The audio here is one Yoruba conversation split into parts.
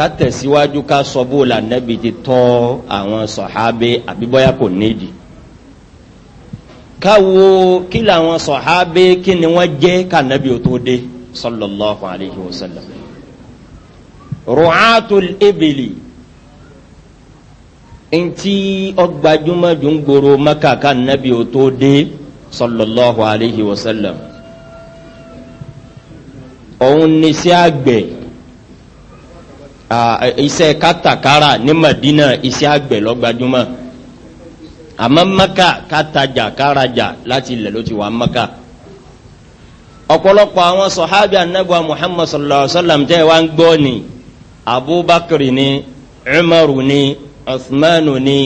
ká tẹ̀síwájú ká sọ bó la nẹ́bi ti tọ́ àwọn sọ̀hábé àbíbọ́yá kò nídi ká wo kí làwọn sọ̀hábé kí ni wọ́n jẹ́ ká nẹ́bi ò tó dé sallallahu alayhi wa sallam ru'atul ibili ntí ọgbàjúmọ́jú maka ká nẹ́bi ò tó dé sallallahu alayhi wa sallam òun ní sí iṣẹ́ kátàkárà ní Madina iṣẹ́ àgbẹ̀ lọ́gbàdúmọ̀ àmọ́ Maka kátajà kárajà láti ilẹ̀ ló ti wà Maka ọ̀pọ̀lọpọ̀ àwọn sọ̀hábì anábọ̀ Muhammad sallallahu alayhi wa sallam tẹ́ wá ń gbọ́ ni Abubakar ni Umaru ni Uthmanu ni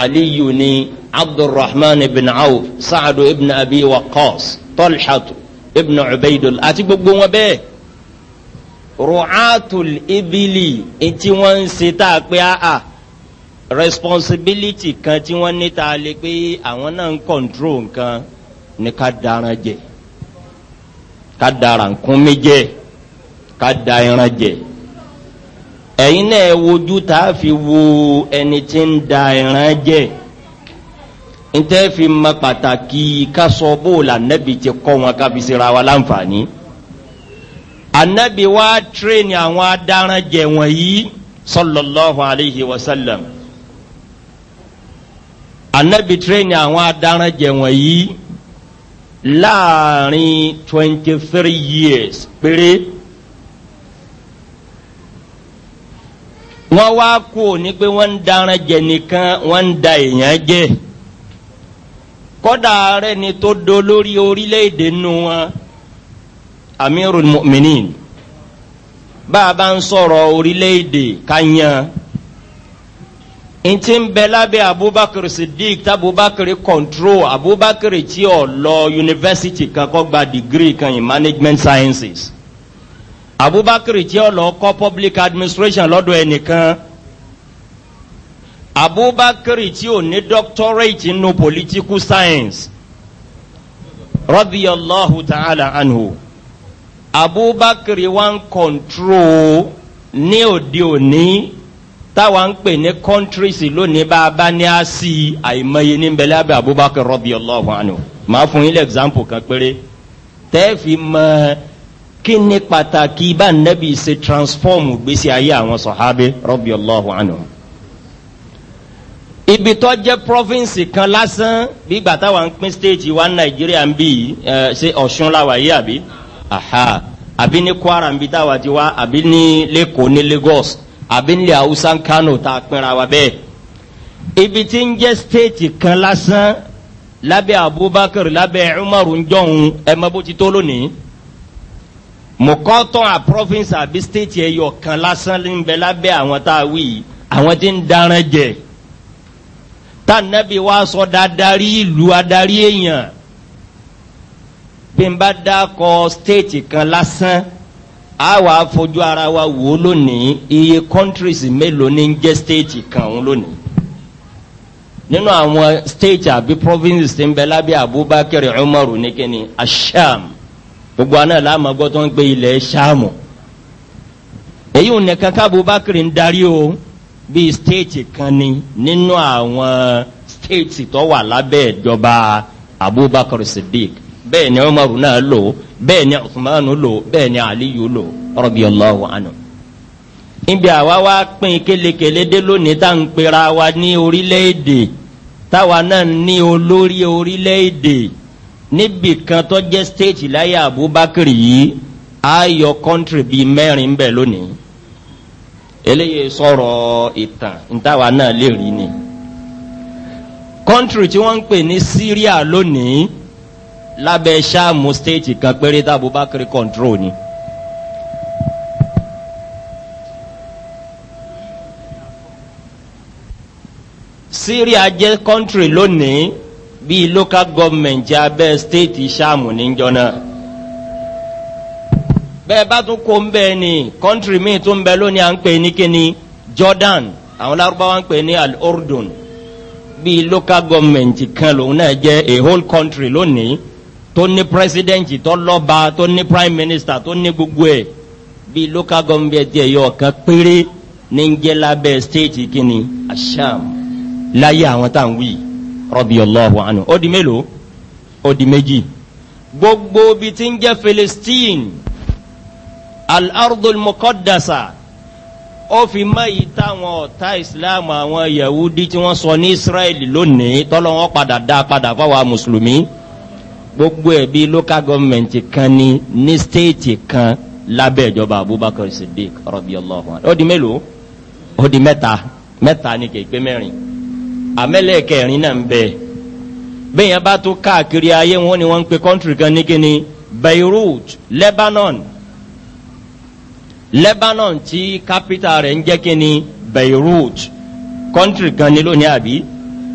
Aliyu ni Abdulrahman ibn Awf Saadu ibn Abi Waqqas Talhatu ibn Ubaidul àti gbogbo wọn bẹ́ẹ̀ ru'atul ibili etí wọ́n ń ṣe tá a responsibility kan tí wọ́n ní ta lè pé àwọn náà ń control nǹkan ní ká daran jẹ ká dara nkúnmi jẹ ká da ẹran jẹ ẹ̀yin náà wojú tá a fi wo ẹni tí ń da ẹran jẹ ntẹ́ fi ma pàtàkì ká sọ bó o la nẹ́bi ti kọ́ wọn ká fi ṣera wa láǹfààní anabi wa tireni àwọn adaran jẹ wọ̀nyí sallallahu alayhi wa sallam anabi tireni àwọn adaran jẹ wọ̀nyí láàrin twenty three years péré wọ́n wá kú ní pé wọ́n ń daran jẹ nìkan wọ́n ń da èèyàn jẹ kódà rẹ̀ ni tó do lórí orílẹ̀-èdè nu wọn. Uh, amirul mu'minin bá a bá ń sọ̀rọ̀ orílẹ̀-èdè ká yan ntí ń bẹ abubakar control abubakar ti o lọ university kan kọ́ gba degree kan in management sciences abubakar tí ó lọ kọ́ public administration lọ́dọ̀ ẹnìkan abubakar ti o ní doctorate nínú political science Allahu ta'ala anhu abubakar wa control kọ̀ntró ní òde òní táwa ń pè ní countries lónìí bá a bá ní a sí i àìmọye ní bẹ̀lẹ́ abẹ́ abubakar radiyallahu anhu màá fún yín lẹ́ example kan péré tẹ́ẹ̀fì mọ kí ni pàtàkì bá nẹ́bí ṣe transform gbèsè ayé àwọn sọ̀hábẹ́ radiyallahu anhu ibi tó jẹ́ province kan lásán bí gbàtà wa ń pín state wa nàìjíríà ń bí ṣe ọ̀ṣun làwà àbí aha àbí ní kwara ń bi tá a wà ti wá àbí ní lẹ́kọ̀ọ́ ní lagos àbí ní hausa kano tá a pinra wa bẹ́ẹ̀ ibi tí ń jẹ́ stéètì kan lásán lábẹ́ abubakar lábẹ́ umaru njọ́hun ẹ mọ bó ti tó lónìí mọ̀kọ́tọ̀ à province àbí stéètì ẹ̀yọ̀ kan lásán ń bẹ lábẹ́ àwọn tá a wí yìí àwọn daran jẹ tá nàbí wa sọ dáadáa rí ìlú adarí èèyàn bí n state dákọ stéètì kan lásán a wàá fojú ara wa wò lónìí iye countries mélòó ní ń jẹ́ stéètì kan òun lónìí nínú àwọn stéètì àbí provinces tí ń bẹ lábẹ́ Abubakar Umaru ní kíni asham gbogbo àná làwọn àgbọ̀ tó ń gbé ilẹ̀ ṣáàmù èyí ò nìkan kábùbákiri ń darí o bíi stéètì kan ni nínú àwọn stéètì tó wà lábẹ́ ìjọba Abubakar Siddiq bẹ́ẹ̀ ni Umaru náà lò bẹ́ẹ̀ ni Uthmanu lò bẹ́ẹ̀ ni Aliyu lò radiyallahu anhu níbi àwa wá pín kélekèlé dé lónìí tá à ń pera wa ní orílẹ̀-èdè táwa náà ní olórí orílẹ̀-èdè níbì kan tó jẹ́ stéètì láyé Abubakar yìí á yọ kọ́ńtìrì bíi mẹ́rin bẹ́ẹ̀ lónìí eléyìí sọ̀rọ̀ ìtàn ntáwa náà lè rí ni kọ́ńtìrì tí wọ́n ń pè ní Syria lónìí lábẹ́ sáàmù stéètì kan péré tá Abubakar control ni. Syria jẹ́ country lónìí bíi local government jẹ́ abẹ́ stéètì sáàmù níjọ náà bẹ́ẹ̀ bá tún kó ń bẹ́ẹ̀ ni country míì tún bẹ́ẹ̀ lónìí à ń pè ní kíni Jordan àwọn lárúbáwá ń pè ní al Ordun bíi local government kan lòun náà jẹ́ a whole country lónìí tó ní pírẹsidẹ́ǹtì tó lọ́ba tó ní prime minister tó ní gbogbo ẹ̀ bí local government ẹ̀ yọ ọ̀kan péré ní ń jẹ́ state kínní asham láyé àwọn tá à ń wí radiyallahu anhu ó di mélòó ó di méjì gbogbo bí ti ń jẹ́ Palestine al-ardul muqaddasa ó fi mẹ́yì táwọn ọ̀tá islam àwọn yahudi tí wọ́n sọ ní israeli lónìí tọ́lọ́wọ́n padà dá padà fáwọn mùsùlùmí gbogbo ẹ̀ bí local government kan ni ní state kan lábẹ́ ìjọba abubakar siddiq radiyallahu anhu ó di mélòó ó di mẹ́ta mẹ́ta ni kì í pé mẹ́rin àmẹ́lẹ̀ kẹrin náà ń bẹ bẹ́ẹ̀ yẹn bá tó káàkiri ayé wọn ni wọ́n ń pe country kan ní kíni beirut lebanon lebanon tí capital rẹ̀ ń jẹ́ kíni beirut country kan ni lónìí àbí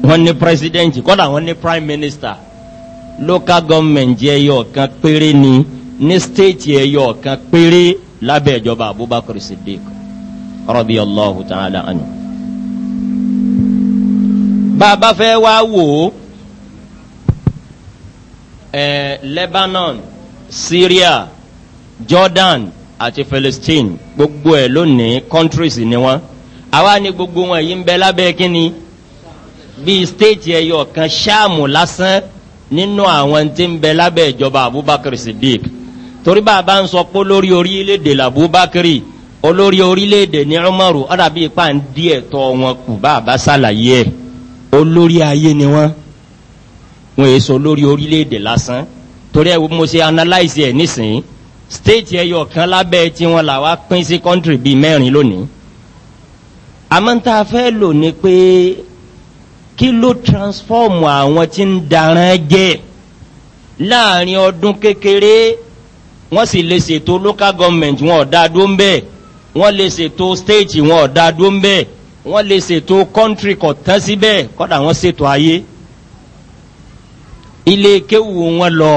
wọ́n ní president kọ́dà wọ́n ní prime minister local government ẹyọ kan péré ni ní state ẹyọ kan péré lábẹ́ ìjọba Abubakar Siddiq radiyallahu ta'ala anhu. bàbá fẹ́ wá wò ó eh, Lebanon Syria Jordan àti Palestine gbogbo ẹ̀ lónìí countries ni wọ́n àwa ni gbogbo wọn yìí ń bẹ lábẹ́ kínni bíi state ẹyọ kan ṣáàmù lásán nínú àwọn tí ń bẹ lábẹ́ ìjọba abubakar siddiq torí bá a bá ń sọ pé olórí orílẹ̀-èdè labubakar olórí orílẹ̀-èdè ní ọmọrù ọ̀dà bíi ipá ń dí ẹ̀tọ́ wọn kù bá a bá ṣàlàyé ẹ̀ olórí ayé ni wọ́n wọn èyí sọ olórí orílẹ̀-èdè lásán torí ẹ̀ mo ṣe analyse ẹ̀ nísìnyí state ẹyọ kan lábẹ́ tí wọ́n là wá pín sí country bíi mẹ́rin lónìí àmọ́ tá a fẹ́ lò ní pé kí ló transform àwọn tí ń darán jẹ́ láàrin ọdún kékeré wọ́n sì lè ṣètò local government wọn ò dá dó ń bẹ́ẹ̀ wọ́n lè ṣètò state wọn ò dá wọ́n lè ṣètò country kò tán síbẹ̀ kọ́dà wọ́n ṣètò ayé ilé kéwù wọn lọ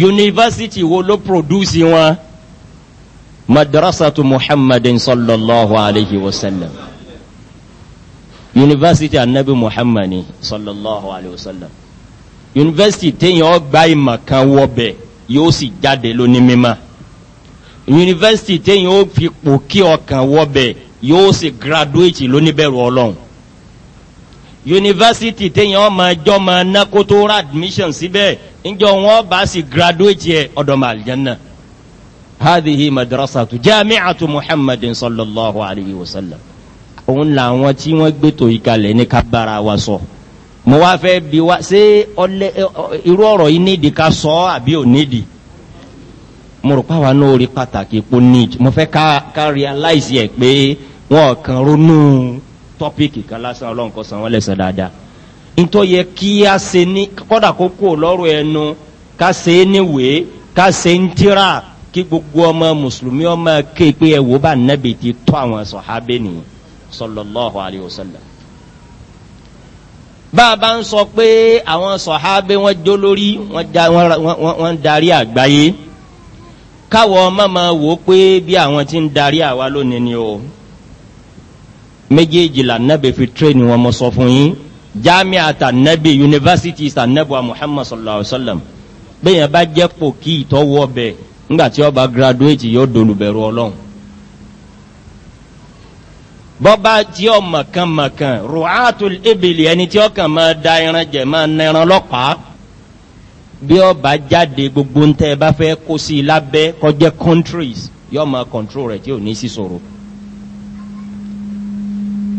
yunifásitì wo ló produce wọn madrasatu muhammadin sallallahu alayhi wa sallam yunifásitì anabi muhammad sallallahu alayhi wa sallam yunifásitì téèyàn ọgbà ìmọ̀ kan wọbẹ̀ yóò sì jáde lóní mímọ́ yunifásitì téèyàn ó fi pò kí ọkàn wọbẹ̀ yóò sì gradúwétì lóní bẹ̀rù ọlọ́run yunifásitì téèyàn ọmọ ẹjọ́ máa ná kó tó ra admission síbẹ̀ ńjọ wọn bá sì gradúwétì ẹ ọ̀dọ̀mọ àlìjánná hadihi madrasatu jami'atu muhammadin sallallahu alayhi wa sallam òun làwọn tí wọ́n gbé tò ìkalẹ̀ ní ká wa sọ mo wá fẹ́ bi wá ṣé ọlẹ́ irú ọ̀rọ̀ yìí nídìí ká sọ ọ́ àbí ò nídìí mo rò páwa náà orí pàtàkì epo need mo fẹ́ ká ká realize yẹ pé wọn kàn ronú tọ́píìkì kan lásán ọlọ́run kó san wọ́n lẹ́sẹ̀ dáadáa nítorí yẹ kí a ṣe ní kọ́dà kó lọ́rùn ẹnu ká ṣe é níwèé ká ṣe ń tíra kí gbogbo ọmọ mùsùlùmí ọmọ kéèpé ẹ bá nẹ́bì tọ́ àwọn sọ̀hábẹ́ nìyẹn sallallahu alayhi wa sallam. bàbá ń sọ pé àwọn sọ̀hábẹ́ wọn jó lórí wọn ń darí àgbáyé káwọ mọ́mọ́ wò ó pé bí àwọn ti ń darí àwa lónìí ni o méjèèjì lànàbẹ̀ fi tírẹ́nì wọn mọ sọ fún yín jami'a tànàbẹ̀ yunifásitì tànàbẹ̀ muhammad sallallahu alayhi wa sallam bẹ́ẹ̀ yẹn bá jẹ́ pò kí ìtọ́wọ́ bẹ̀ ńgbà tí ó graduate yóò dolùbẹ̀rù ọlọ́run bọ́bá tí ọ mọ̀kan mọ̀kan ru'atul ibili ẹni tí ọkàn máa da ẹran jẹ máa nẹran lọ́pàá bí ọ bá jáde gbogbo ń tẹ́ ẹ bá fẹ́ kó sí i lábẹ́ kọjẹ́ countries yọ máa control rẹ̀ tí ò ní sí sọ̀rọ̀.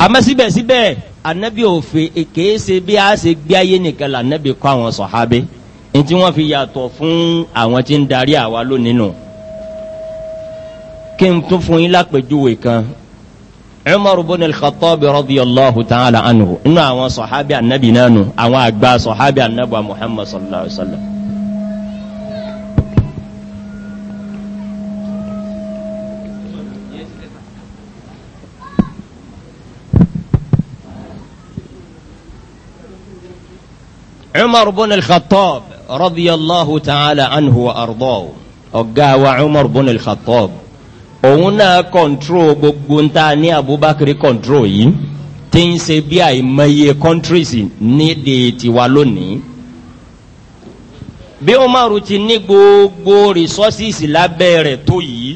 àmọ́ síbẹ̀síbẹ̀ anabi òfin èké bí a ṣe gbé ayé nìkan la anabi kọ́ àwọn sọ̀hábẹ́ ní tí wọ́n fi yàtọ̀ fún àwọn tí ń darí àwa lónìí nù kí n tún fún yín lápèjúwe kan عمر بن الخطاب رضي الله تعالى عنه إنه أوا صحابي عن نبي نانو أوا أقبى صحابي عن نبي محمد صلى الله عليه وسلم عمر بن الخطاب رضي الله تعالى عنه وأرضاه أقبى وعمر بن الخطاب òun náà kọ̀ntró gbogbo ń ta ní Abubakar kọ̀ntró yìí tí ń se bí àìmọye countries nídìí tiwa lónìí bí Umaru ti ní gbogbo resources lábẹ́ rẹ̀ tó yìí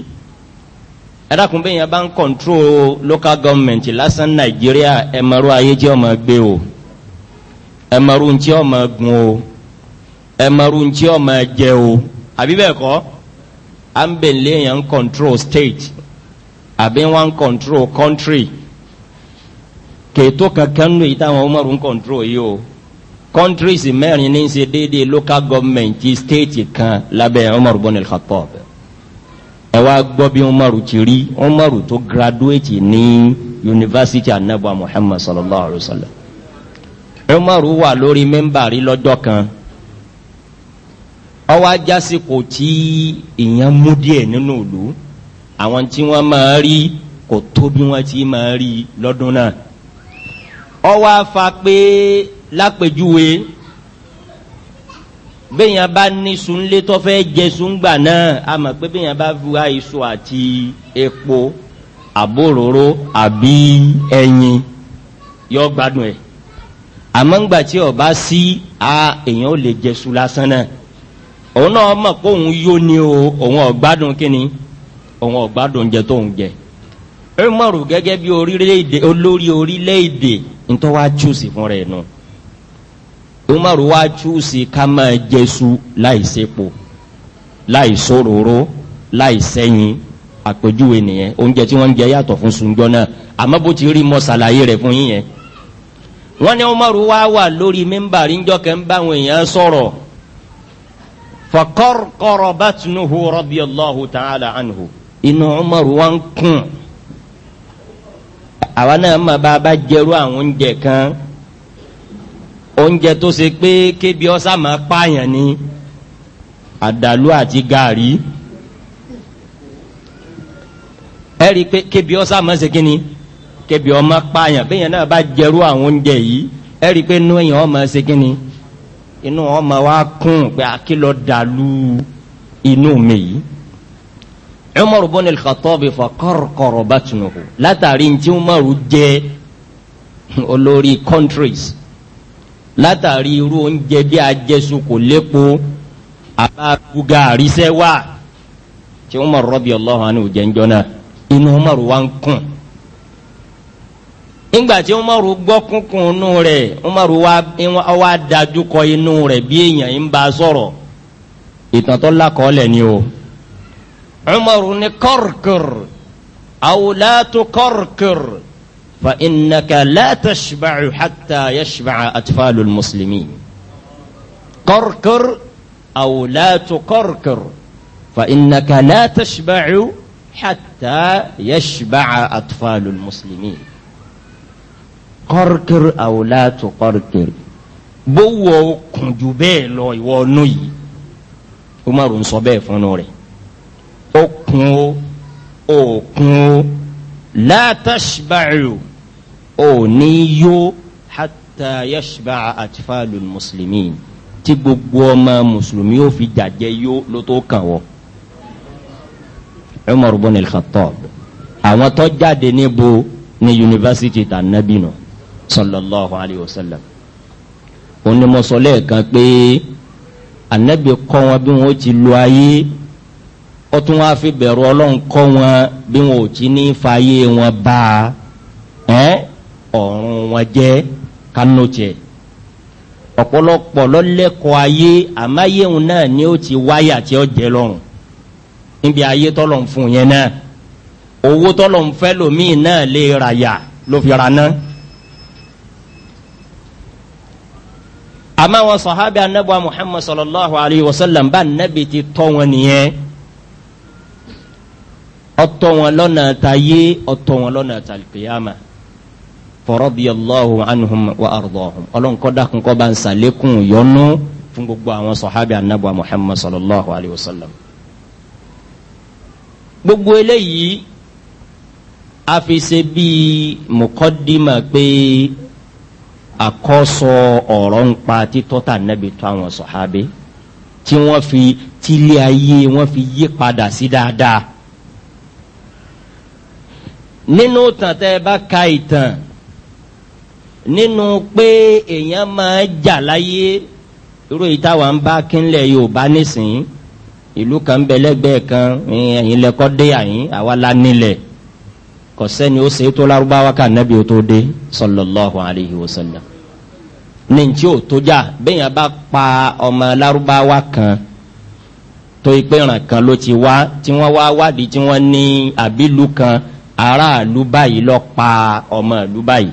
ẹ̀dàkùn bẹ́ẹ̀ yẹn bá ń kọ̀ntró local government lásán Nàìjíríà ẹ̀mọ̀rú ayé jẹ́ ọmọ gbé o ẹ̀mọ̀rú ń tí ọmọ gun o ẹ̀mọ̀rú ń tí ọmọ jẹ o àbí bẹ́ẹ̀ kọ́. à ń bẹ̀ léèyàn control state àbí wọ́n ń control country kètò kankan nù yìí táwọn control yìí o countries mẹ́rin ní ṣe déédéé local government state kan lábẹ́ Umaru ibn al-Khattab ẹ wá gbọ́ bí Umaru ti rí Umaru tó graduate ní University anabu Muhammad sallallahu alayhi wa sallam Umaru wà lórí mẹ́mbàrí lọ́jọ́ kan ọwọ́ ajásìkò tí èèyàn mú díẹ̀ nínú ìlú àwọn tí wọ́n máa rí kò tó bí wọ́n ti máa rí lọ́dún náà ọwọ́ afa pé lápèjúwe béèyàn bá ní sunlé tó fẹ́ jẹ sungbà náà a mọ̀ pé béèyàn bá fura iṣu àti epo àbóròró àbí ẹyin yọ gbádùn ẹ̀ àmọ́ ńgbà tí ọba sí a èèyàn ò lè jẹ su lásán náà. òun náà mọ̀ pé òun yó ni o òun ọ̀gbádùn kíni òun ọ̀gbádùn jẹ tó ń jẹ Umaru gẹ́gẹ́ bí orílẹ̀-èdè olórí orílẹ̀-èdè ntọ́ wa chúùsì fún rẹ̀ nù Umaru wa chúùsì ká máa jẹsu láì sepo láì sòróró láì sẹ́yìn àpèjúwe nìyẹn oúnjẹ tí wọ́n ń jẹ yàtọ̀ fún sunjọ́ náà àmọ́ bó ti rí mọ́ sàlàyé rẹ̀ fún yín wọ́n ní Umaru wa wà lórí mímbàrí ńjọ́ kẹ́ ń bá àwọn èèyàn sọ̀rọ̀ fakọ́rọ́kọ́rọ́ bátìnúhu radiyallahu ta'ala anhu inú Umaru wọn kún àwa náà má bá a bá jẹrú àwọn oúnjẹ kan oúnjẹ tó ṣe pé kébi ọ́sà máa pààyàn ni àdàlú àti gàrí ẹ rí i pé kébi ọ́sà máa ṣe kí ni kébi ọmọ pààyàn bẹ́ẹ̀ náà bá jẹrú àwọn oúnjẹ yìí ẹ rí i pé nú èèyàn ọmọ ṣe kí ni inú ọmọ wa kún pé akílọ̀ dàlú inú mi yìí umar bin al-khattab fa qarqara batnuhu látàrí tí umar jẹ́ olórí countries látàrí irú oúnjẹ bí ajẹsù kò lépo àbábúgà àríṣẹ́ wà tí umar radiyallahu anhu jẹ́ ń jọ náà inú umar wa ń kún nígbàtí umaru gbọ́ kúnkún inú rẹ̀ umaru wá dájú kọ inú rẹ̀ bí èèyàn ń bá sọ̀rọ̀ ìtàn tó lákọọ́lẹ̀ ni o umaru ní kọ́rkìr àwòlátú kọ́rkìr fa innaka la tashba'u hatta yashba'a atfalu muslimin kọ́rkìr àwòlátú kọ́rkìr fa innaka la tashba'u hatta yashba'a atfalu muslimin kọ́rkiri àwòlátò kọ́rkiri bówó kùnjù bẹ́ẹ̀ lọ ìwọ ọ̀nù yìí umaru ń sọ bẹ́ẹ̀ fúnnu rẹ̀ ó kun ó ó kun ó látàṣbàrù ó ní yó hàtà yàṣbà àtìfàlù mùsùlùmí tí gbogbo ọmọ mùsùlùmí ó fi jàjẹ yó ló tó kàn umaru bọ́ni al-Khattab àwọn tó jáde níbo ní yunifásitì tànàbí náà sallallahu alayhi wa sallam òun ni mo sọ lẹ́ẹ̀kan pé anabi kọ́ wọn bí wọ́n ti lo ayé ó tún wáá fi bẹ̀rù ọlọ́run kọ́ wọn bí wọ́n ò ti ní fààyè wọn bá ọ̀run wọn jẹ́ kánú tiẹ̀ ọ̀pọ̀lọpọ̀ lọ́lẹ́kọ̀ọ́ ayé àmáyéhun náà ni ó ti wáyà tí ó jẹ lọ́rùn níbi ayé tọ́lọ̀ ń fún yẹn náà owó tọ́lọ̀ ń fẹ́ lòmíì náà lè ràyà ló fi ra náà. àmọ́ àwọn sọ̀hábẹ́ anábọ̀ muhammad sallallahu alayhi wa sallam bá nábì ti tọ́ wọn nìyẹn ọ̀tọ̀ wọn lọ́nà tayé ọ̀tọ̀ wọn lọ́nà tàlùkìyàmà fọ̀rọ̀bíyàlláhu anuhum wa ardọ̀hum ọlọ́nkọ́dá kúnkọ́ bá ń sàlékún yọnu fún gbogbo àwọn sọ̀hábẹ́ anábọ̀ muhammad sallallahu alayhi wa sallam gbogbo eléyìí a fi ṣe bíi mùkọ́dìmà pé àkọ́sọ ọ̀rọ̀ ń pa títọ́ta nẹ́bi tó àwọn sọ̀hábé tí wọ́n fi tílé ayé wọ́n fi yí padà sí dáadáa. nínú tàntẹ́ bá ka ìtàn nínú pé èèyàn máa jà láyé irú ìtawà ń bá kínlẹ̀ yorùbá nísìnyí ìlú kan bẹ lẹ́gbẹ̀ẹ́ kan ẹ̀yìn lẹ́kọ́ dé àyín àwa la nílẹ̀ kò sẹ́ni ó ṣe é tó lárúbáwá ká nàbí ó tó dé sallallahu alayhi wa sallam ní ntí ó tó já bẹ́ẹ̀ yẹn bá pa ọmọ lárúbáwá kan tó ìpẹ́ràn kan ló ti wá tí wọ́n wá wádìí tí wọ́n ní àbílù kan aráàlú báyìí lọ pa ọmọ ìlú báyìí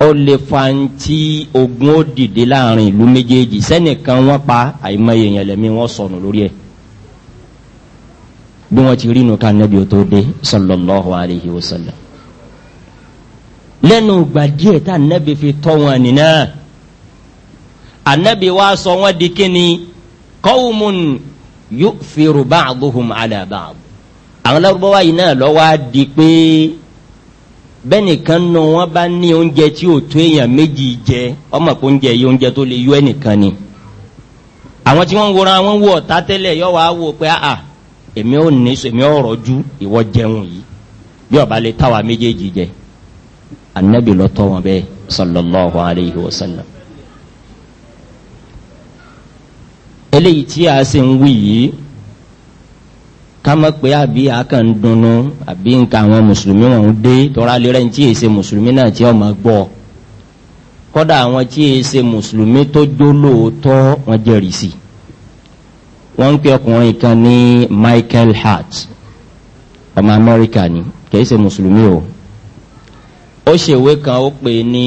ó lè fa ntí ogun ó dìde láàrin ìlú méjèèjì sẹ́nìkan wọ́n pa àìmọye yẹn lẹ́mí wọ́n sọnù lórí ẹ̀ bí wọ́n ti rí inú ká nẹ́bí o tó dé sallallahu alayhi wa sallam. lẹ́nu ìgbà díẹ̀ tá nẹ́bí fi tọ́ wọn nìyẹn anabi wa sọ wọn di kíni qawmun yu'thiru ba'duhum ala ba'd. àwọn lárúbáwá yìí náà lọ́wọ́ á di pé bẹ́nìkan nù wọ́n bá ní oúnjẹ tí ò tó èèyàn méjì jẹ ọmọ kò oúnjẹ yìí oúnjẹ tó lè yó ẹnìkan ni. àwọn tí wọ́n ń wòran wọ́n wò ọ̀tá tẹ́lẹ̀ wò pé àà èmi ò ní sọ èmi ò rọjú ìwọ jẹun yìí bí ọba lè táwa méjèèjì jẹ anabi lọ tọ wọn bẹ́ẹ̀ sallallahu alayhi wa sallam. eléyìí tí a sì ń wí yìí ká mọ̀ pé àbí akàn dunnú àbí nǹkan àwọn mùsùlùmí wọn ń dé tọ́ra lérẹ́ ní tí èsè mùsùlùmí náà tí ọmọ gbọ́ kọ́dà àwọn tí èsè mùsùlùmí tó jó lóòótọ́ wọn jẹ́rìí sí i wọ́n ń pè ọkùnrin kan ní michael hart ọmọ amẹ́ríkà ni kìí ṣe mùsùlùmí o ó ṣèwé kan ó pè ní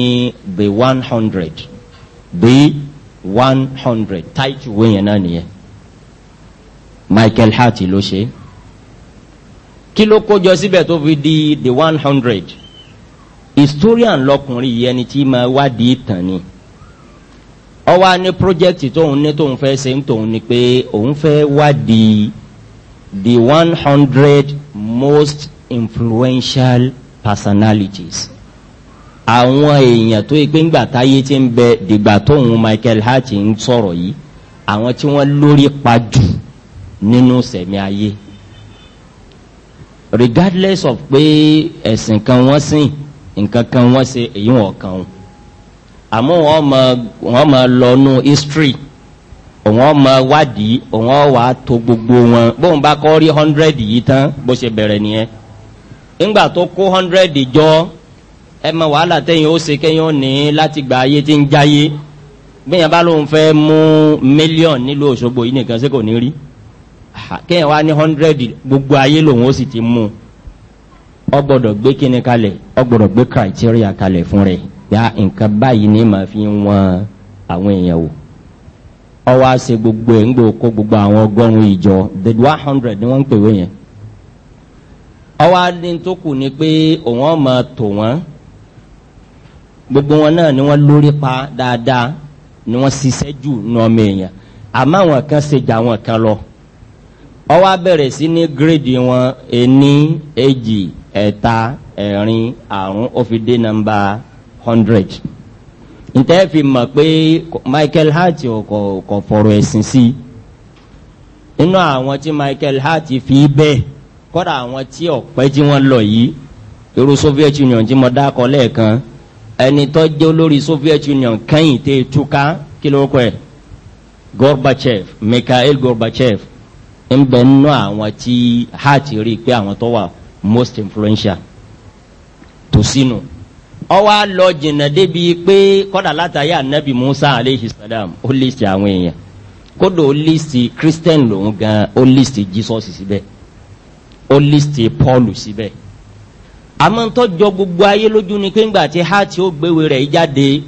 the one hundred the one hundred táìtù ìwé yẹn náà nìyẹn michael hart ló ṣe kí ló kó jọ síbẹ̀ tó fi di the one hundred historian lọkùnrin yẹn ni tí máa wádìí ìtàn ni ọwọ́ ní pírójẹ́kìtì tóun ní tóun fẹ́ ṣe ń tóun ni pé òun fẹ́ wádìí the one hundred most influential personalities àwọn èèyàn tó yẹ pé ńgbà táyé ti ń bẹ dìgbà tóun Michael Hart ń sọ̀rọ̀ yìí àwọn tí wọ́n lórí pa jù nínú sẹ̀mí ayé regardless of pé ẹ̀sìn kan wọ́n sìn nǹkan kan wọ́n ṣe èyí wọ̀n kan o àmọ́ wọ́n ma lọ́nú history òun ma wádìí òun wà tó gbogbo wọn bóun bá kọ́ rí hundred yìí tán bó ṣe bẹ̀rẹ̀ nìyẹn ńgbà tó kó hundred jọ ẹ mọ wàhálà tẹ́yìn ó ṣe kẹ́yìn ó ní láti gba ayé tí ń jáyé gbẹ̀yìn bá lóun fẹ́ mú mílíọ̀n nílùú Òṣogbo yìí nìkan ṣé kò ní rí kẹ́yìn wá ní hundred gbogbo ayé lòun ó sì ti mú ọ gbọ́dọ̀ gbé kíni kalẹ̀ ọ gbọ́dọ̀ gbé criteria kalẹ̀ fún rẹ̀ Ya nǹkan báyìí ni màá fi wọn àwọn èèyàn wò ọwọ́ àṣẹ gbogbo ẹ̀ ń gbò kó gbogbo àwọn ọgọ́rùn-ún ìjọ the one hundred ni wọ́n ń pèwé yẹn ọwọ́ adíntókù ni pé òun ọmọ tò wọ́n gbogbo wọn náà ni wọ́n lórí pa dáadáa ni wọ́n ṣiṣẹ́ jù ní ọmọ èèyàn àmọ́ àwọn kan ṣe jà àwọn kan lọ ọwọ́ abẹ̀rẹ̀ sí ní gírèdì wọn ení èjì ẹ̀ta ẹ̀rin àrùn ó fi dé nọ́mbà hundred ntẹ́ fi mọ̀ pé Michael Hart kò kò fọ̀rọ̀ ẹ̀sìn sí inú àwọn tí Michael Hart fi bẹ́ẹ̀ kọ́dà àwọn tí ọ̀pẹ́ tí wọ́n lọ yìí irú Soviet Union tí mo dákọ lẹ́ẹ̀kan ẹni tó jẹ́ olórí Soviet Union kẹ́yìn tẹ́ túká kí ló kọ́ ẹ̀ Gorbachev Mikhail Gorbachev ń bẹ nínú àwọn tí Hart rí i pé àwọn tó wà most influential tó sínú. ọwọ́ lọ jìnnà débi pé kọ́dà látàyà nabi musa aleyhi salam ó lísì àwọn èèyàn kódò ó lísì christian lòun gan ó lísì jesus síbẹ̀ ó lísì paul síbẹ̀ àmọ́ gbogbo ayé lójú ni pé ńgbà tí hati ó gbéwé rẹ̀ jáde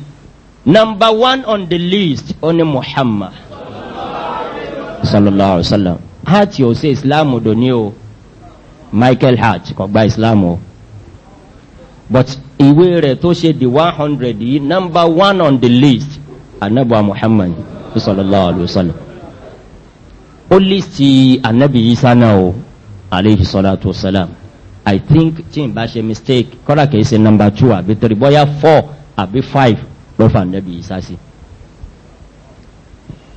number one on the list ó ní muhammad sallallahu alayhi wa sallam hati ó ṣe islam o michael hart kò gba islam o but ìwé rẹ̀ tó ṣe the one hundred yìí number one on the list anabuwa muhammad sallallahu alayhi wa sallam ó lísì anabi isa náà o alayhi salatu wa salam i think tí n bá ṣe mistake kọ́ra kìí ṣe number two àbí three bóyá four àbí five ló fa anabi isa sí.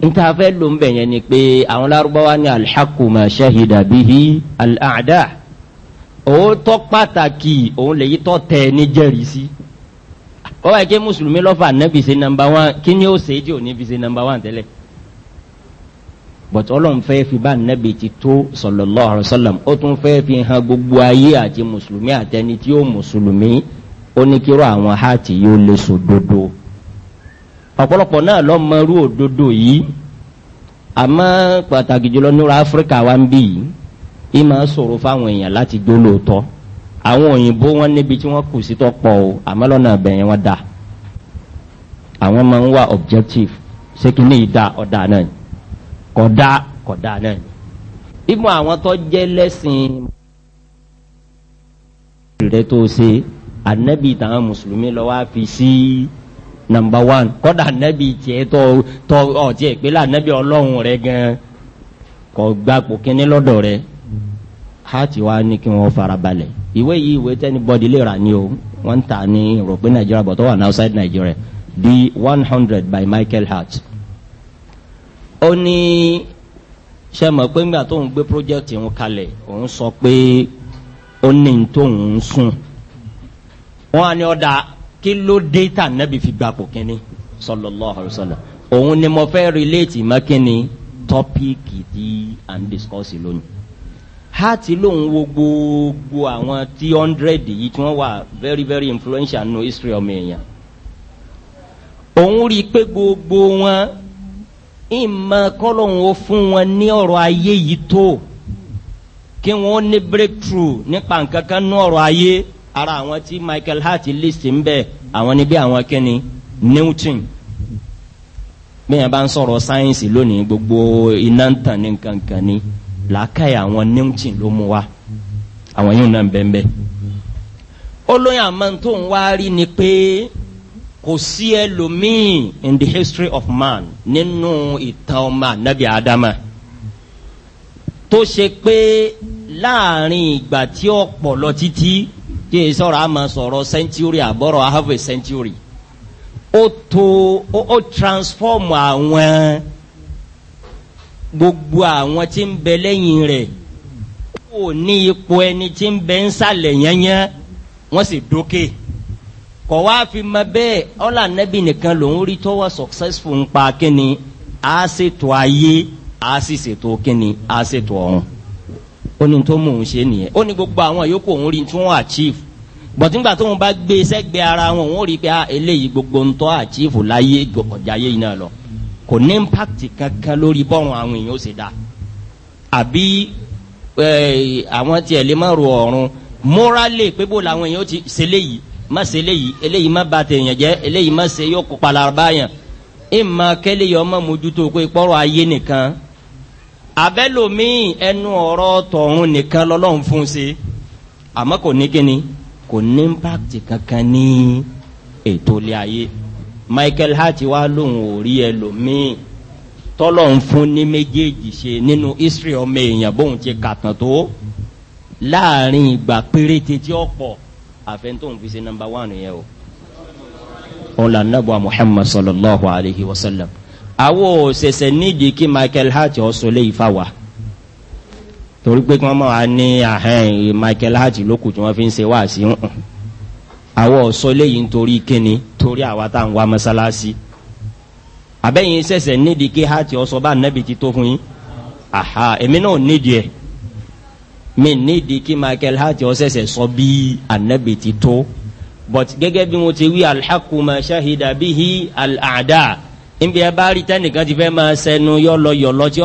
nta fẹ́ ló ń bẹ̀yẹn ni pé àwọn lárúbáwá ní alḥakuma shahida bihi al-aada. al aada òótọ́ pàtàkì òun lèyí tọ́ tẹ ní jẹ́rìí sí kọ́ wáyé kí mùsùlùmí lọ́fà nẹ́bì ṣe nàmbà wán kí ni ó ṣe é tí ò ní fi ṣe nàmbà wán tẹ́lẹ̀ bọ̀tọ́ ọlọ́run fẹ́ fi bá nẹ́bì ti tó sọ̀lọ́lọ́ ọ̀rọ̀ sọ́lọ́m ó tún fẹ́ fi hàn gbogbo ayé àti mùsùlùmí àtẹni tí ó mùsùlùmí ó ní kíró àwọn háàtì yóò lè sòdodo ọ̀pọ̀lọpọ̀ náà lọ́ mọrú òdodo yìí àmọ́ pàtàkì jùlọ níwọ̀n áfíríkà wa ń bì yìí Ima sòro fáwọn èèyàn láti jó lóòótọ́ àwọn òyìnbó wọn níbi tí wọ́n kù sí tó pọ̀ o àmọ́ lọ́nà àbẹ̀yẹn wọn dà àwọn máa ń wá objective ṣé kí ní ìdá ọ̀dà náà ni kọ̀dá kọ̀dá náà ni. ìmọ̀ àwọn tó jẹ́ lẹ́sìn rẹ tó ṣe anabi tàwọn mùsùlùmí lọ wá fi sí nàmbà wán kọ́dà anabi tiẹ̀ tó tó ọ̀ tiẹ̀ pé lànàbí ọlọ́run rẹ gan kọ̀ gbapò kínní lọ́dọ̀ rẹ hati wa ni kí wọn farabalẹ̀ ìwé yìí ìwé tẹ́ni bọ́dí lè rà ní o wọ́n ń tà ní rògbé nàìjíríà bọ̀ tó wà ní outside nàìjíríà the one hundred by michael hart. ó ní ṣe mọ̀ pé nígbà tóun gbé project òun kalẹ̀ òun sọ pé ó ní tóun ń sùn. wọ́n á ní ọ̀dà kí ló dé tà nẹ́bi fi gbapò kínní sallallahu alayhi wa sallam òun ni mo fẹ́ relate mọ́ kínní tọ́píìkì tí à ń discuss lónìí hati lòun wo gbogbo àwọn tí hundred yìí tí wọ́n wà very very influential nù history ọmọ èèyàn òun rí i pé gbogbo wọn ìmọ̀ kọ́lọ́hún ó fún wọn ní ọ̀rọ̀ ayé yìí tó kí wọ́n ní breakthrough nípa nǹkan kan ní ọ̀rọ̀ ayé ara àwọn tí michael hart list ń bẹ àwọn níbi àwọn kẹ́ni newton bí yẹn bá ń sọ̀rọ̀ sáyẹ́nsì lónìí gbogbo iná ń tàn ní nǹkan kan ni làákàyè àwọn newton ló mú wa àwọn yóò náà bẹ́ẹ̀ olóyìn àmọ́ tó ń wá rí ni pé kò sí ẹlòmíì in the history of man nínú ìtàn ọmọ ànábì ádámà tó ṣe pé láàrin ìgbà tí ọ̀pọ̀ lọ títí kí èyí sọ̀rọ̀ àmọ́ sọ̀rọ̀ century àbọ̀rọ̀ half a century ó to ó transform àwọn. Uh, gbogbo àwọn tí ń bẹ lẹ́yìn rẹ̀ kò ní ipò ẹni tí ń bẹ ń sàlẹ̀ yẹnyẹn wọ́n sì dókè kọ̀ wá fi mọ bẹ́ẹ̀ ọ̀là nẹ́bì nìkan lòún rí tọ́wọ́ successful ń pa kíni á ṣètò ayé á sì ṣètò kíni á ṣètò ọ̀run ó ní tó mò ń ṣe nìyẹn ó ní gbogbo àwọn yòókù òun rí tí wọ́n achieve bọ̀tí nígbà tóun bá gbé sẹ́gbẹ̀ẹ́ ara wọn òun rí pé ah, eléyìí gbogbo ń tọ́ achieve láyé ọ̀jáyé yìí náà lọ kò ní impact kankan lórí bọ́rùn àwọn èèyàn ó sì dá àbí àwọn tiẹ̀ lè má ro ọ̀run morally pé bó làwọn èèyàn ó ti ṣe léyìí má ṣe léyìí eléyìí má ba tèèyàn jẹ́ eléyìí má ṣe yóò kópa lára báyàn ìmọ̀ kẹ́lẹ́ yọ ọmọ mójútó pé pọ́rọ̀ ayé nìkan abẹ́lòmíì ẹnu ọ̀rọ̀ tọ̀run nìkan lọ́lọ́run fún ṣe àmọ́ kò ní kíni kò ní impact kankan ní ètò ilé ayé michael hart wá lòun ò rí ẹlòmíì tọ́lọ̀ ń fún ní méjèèjì ṣe nínú history ọmọ èèyàn bóun ti kàtàn tó láàrin ìgbà péréte tí ó pọ̀ àfẹ́ntóhùn fi ṣe number one yẹn o òun là nàbọ̀ muhammad sallallahu alayhi wa sallam àwọn òṣèṣẹ́ nídìí kí michael hart ọ̀sọ̀ lè fa wà torí pé kí wọ́n máa ní àhẹ́n michael hart lókù tí wọ́n fi ń ṣe wá hàn àwọn ọ̀sọ́ léyìí nítorí kíni torí àwa tá à ń wá mọ́sálásí àbẹ́yìn sẹ̀sẹ̀ nídìí kí hàtì ọ̀sọ́ bá nẹ́bi ti tó fún yín àhà èmi náà nídìí ẹ̀ mi nídìí kí michael hàtì ọ̀sẹ̀sẹ̀ sọ bí ànẹ́bi ti tó but gẹ́gẹ́ bí mo ti wí alḥakuma ṣahida bihi al-ada nbí ẹ bá rí tẹnìkan ti fẹ́ máa sẹnu yọlọyọlọ tí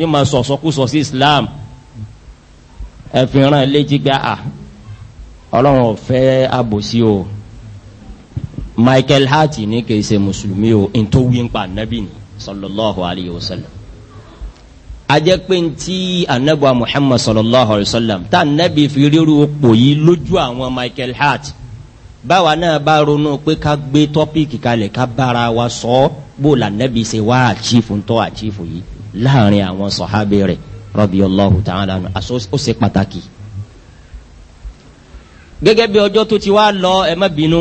yọ máa sọ̀sọ́kùsọ sí islam ẹ fi ràn létí gbà á. Ah, ọlọ́run ọ̀fẹ́ àbòsí o michael hart ní kìí ṣe mùsùlùmí o n tó wí ń pa anabi ni sallallahu alayhi wa sallam ajẹ́ pé ń tí anabuwa muhammad sallallahu alayhi wa sallam tá anabi fi ríru pò yìí lójú àwọn michael hart báwa náà bá ronú pé ká gbé tọ́píìkì kalẹ̀ ká bára wa sọ ọ́ bó la anabi ṣe wá àchífù ń tọ́ àchífù yìí láàrin àwọn sọ̀hábẹ́ rẹ̀ rọ́bì allahu ta'ala ó ṣe pàtàkì gẹ́gẹ́ bí ọjọ́ tó ti wá lọ ẹ má bínú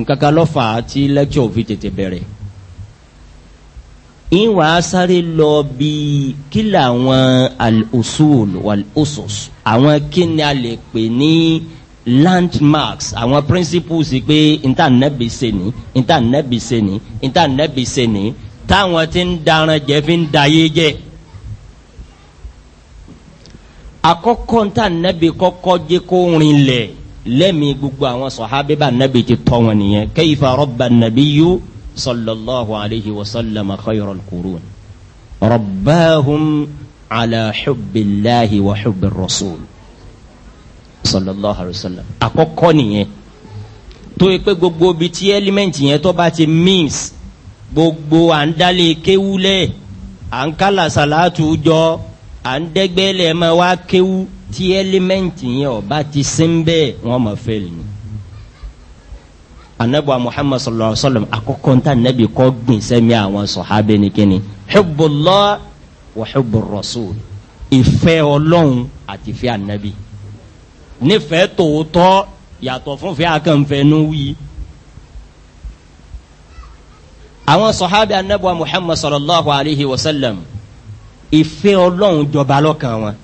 nǹkan kan lọ́fà tí lẹ́kṣọ̀ fi tètè bẹ̀rẹ̀ ń wà á sáré lọ bí kí làwọn al-usul wal-usus àwọn kí ni a lè pè ní landmarks àwọn principles pé níta nẹ́bi ṣe ni níta nẹ́bi ṣe ni níta nẹ́bi ṣe ni táwọn ti ń daran jẹ́ fi ń dayé jẹ́ àkọ́kọ́ ntá nẹ́bi kọ́kọ́ jẹ́ kó rin lẹ̀ lẹ́mi gbogbo àwọn sọ̀hábẹ́ bá nẹ́bi ti tọ́ wọn nìyẹn kayfa rabba nabiyyu sallallahu alayhi wa sallam khayral qurun rabbahum ala hubbillahi wa hubbir rasul sallallahu alayhi wa sallam àkọ́kọ́ nìyẹn tó yẹ pé gbogbo bi ti ẹlimẹ́ntì yẹn tó bá ti mìs gbogbo à ń dálé kéwúlẹ̀ à à ń dẹ́gbẹ́lẹ̀ ma wá kéwú tí ẹ́límẹ́ǹtì yẹn ti sin bẹ́ẹ̀ wọ́n mọ̀ ni. anabuwa muhammad sallallahu alaihi wa sallam akoko nta nabi kọ gbin sẹmi àwọn sọhábẹ ni kini hubbullah wa hubbur rasul ìfẹ́ ati àti ìfẹ́ Ne nífẹ̀ẹ́ tòótọ́ yàtọ̀ fúnfẹ́ akànfẹ́nu wí. àwọn sọhábẹ anabuwa muhammad sallallahu alaihi wa sallam ìfẹ́ ọlọ́run jọba lọ́kàn wọn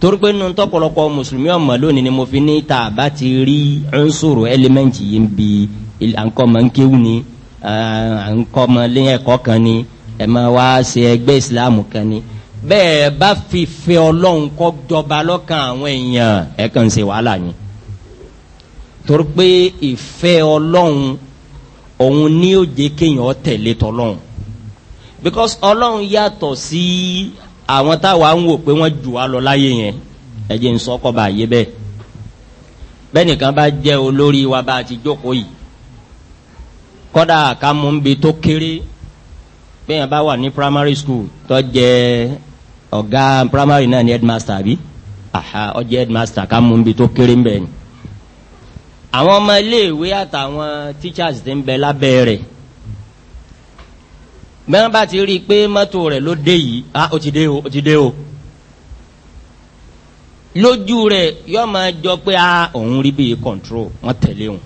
torí pé nínú tọpọlọpọ mùsùlùmí ọmọ lónìí ni mo fi ní ta bá ti rí ẹnsòrò ẹlẹmẹǹtì yìí ń bi àǹkọmọ ń kéwù ni àǹkọmọ lé ẹ̀kọ́ kan ni ẹ máa wá ṣe ẹgbẹ́ ìsìláàmù kan ni bẹ́ẹ̀ bá fi fẹ́ ọlọ́run kọ́ jọba lọ́kàn àwọn èèyàn ẹ kàn ń ṣe wàhálà yín torí pé ìfẹ́ ọlọ́run òun ní ó jẹ́ kéèyàn tẹ̀lé tọlọ́run because ọlọ́run yàtọ̀ sí àwọn táwa ń wò pé wọ́n jù wá lọ láyé yẹn ẹ jẹ́ ń sọ́kọ́ bá yé bẹ́ẹ̀ bẹ́ẹ̀ nìkan bá jẹ́ olórí wa bá a ti jókòó yìí kọ́dà ká mú un bi tó kéré bẹ́ẹ̀ bá wà ní primary school tó jẹ́ ọ̀gá primary náà ni headmaster bí aha ó headmaster ká mú un bi tó kéré ń ni àwọn ọmọ iléèwé àtàwọn teachers ti ń bẹ lábẹ́ rẹ̀ bẹ́ẹ̀ bá ti rí i pé mọ́tò rẹ̀ ló dé yìí a ó ti dé o ó ti dé o lójú rẹ̀ yóò máa jọ pé a òun rí bíi kọ̀ǹtró wọ́n tẹ̀lé wọn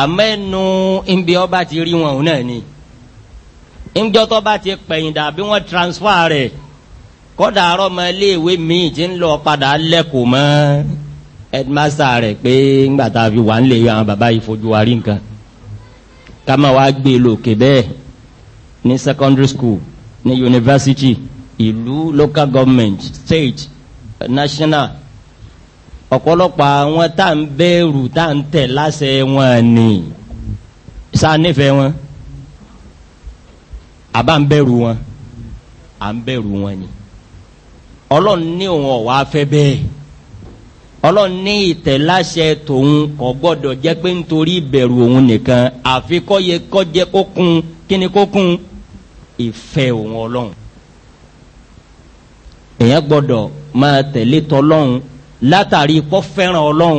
àmẹ́nu ibi ọba ti rí wọn òun náà ni ńjọ́tọ́ bá ti pẹ̀yìn dàbí wọ́n transfer rẹ̀ kọ́dà àárọ̀ ọmọ iléèwé míì ti ń lọ padà lẹ́kọ̀ọ́ mọ́ headmaster rẹ̀ pé ńgbà tá a fi wà ń lè yọ àwọn bàbá yìí fojú wa rí nǹkan ká má wá gbé e lòkè bẹ́ẹ̀ ní secondary school ní university ìlú local government state national ọ̀pọ̀lọpọ̀ àwọn tá à ń bẹ̀rù tá à ń tẹ̀ láṣẹ wọn ni sá nífẹ̀ẹ́ wọn àbá ń bẹ̀rù wọn à ń bẹ̀rù wọn ni ọlọ́run ní òun ọ̀wá fẹ́ bẹ́ẹ̀ ọlọ́run ní ìtẹ̀láṣẹ tòun kò gbọ́dọ̀ jẹ́ pé nítorí ìbẹ̀rù òun nìkan àfi yẹ kọ́ jẹ́ kó kíni kó Kini, kó ìfẹ́ òun ọlọ́run èèyàn gbọ́dọ̀ máa tẹ̀lé tọlọ́run látàrí ipọ́ fẹ́ràn ọlọ́run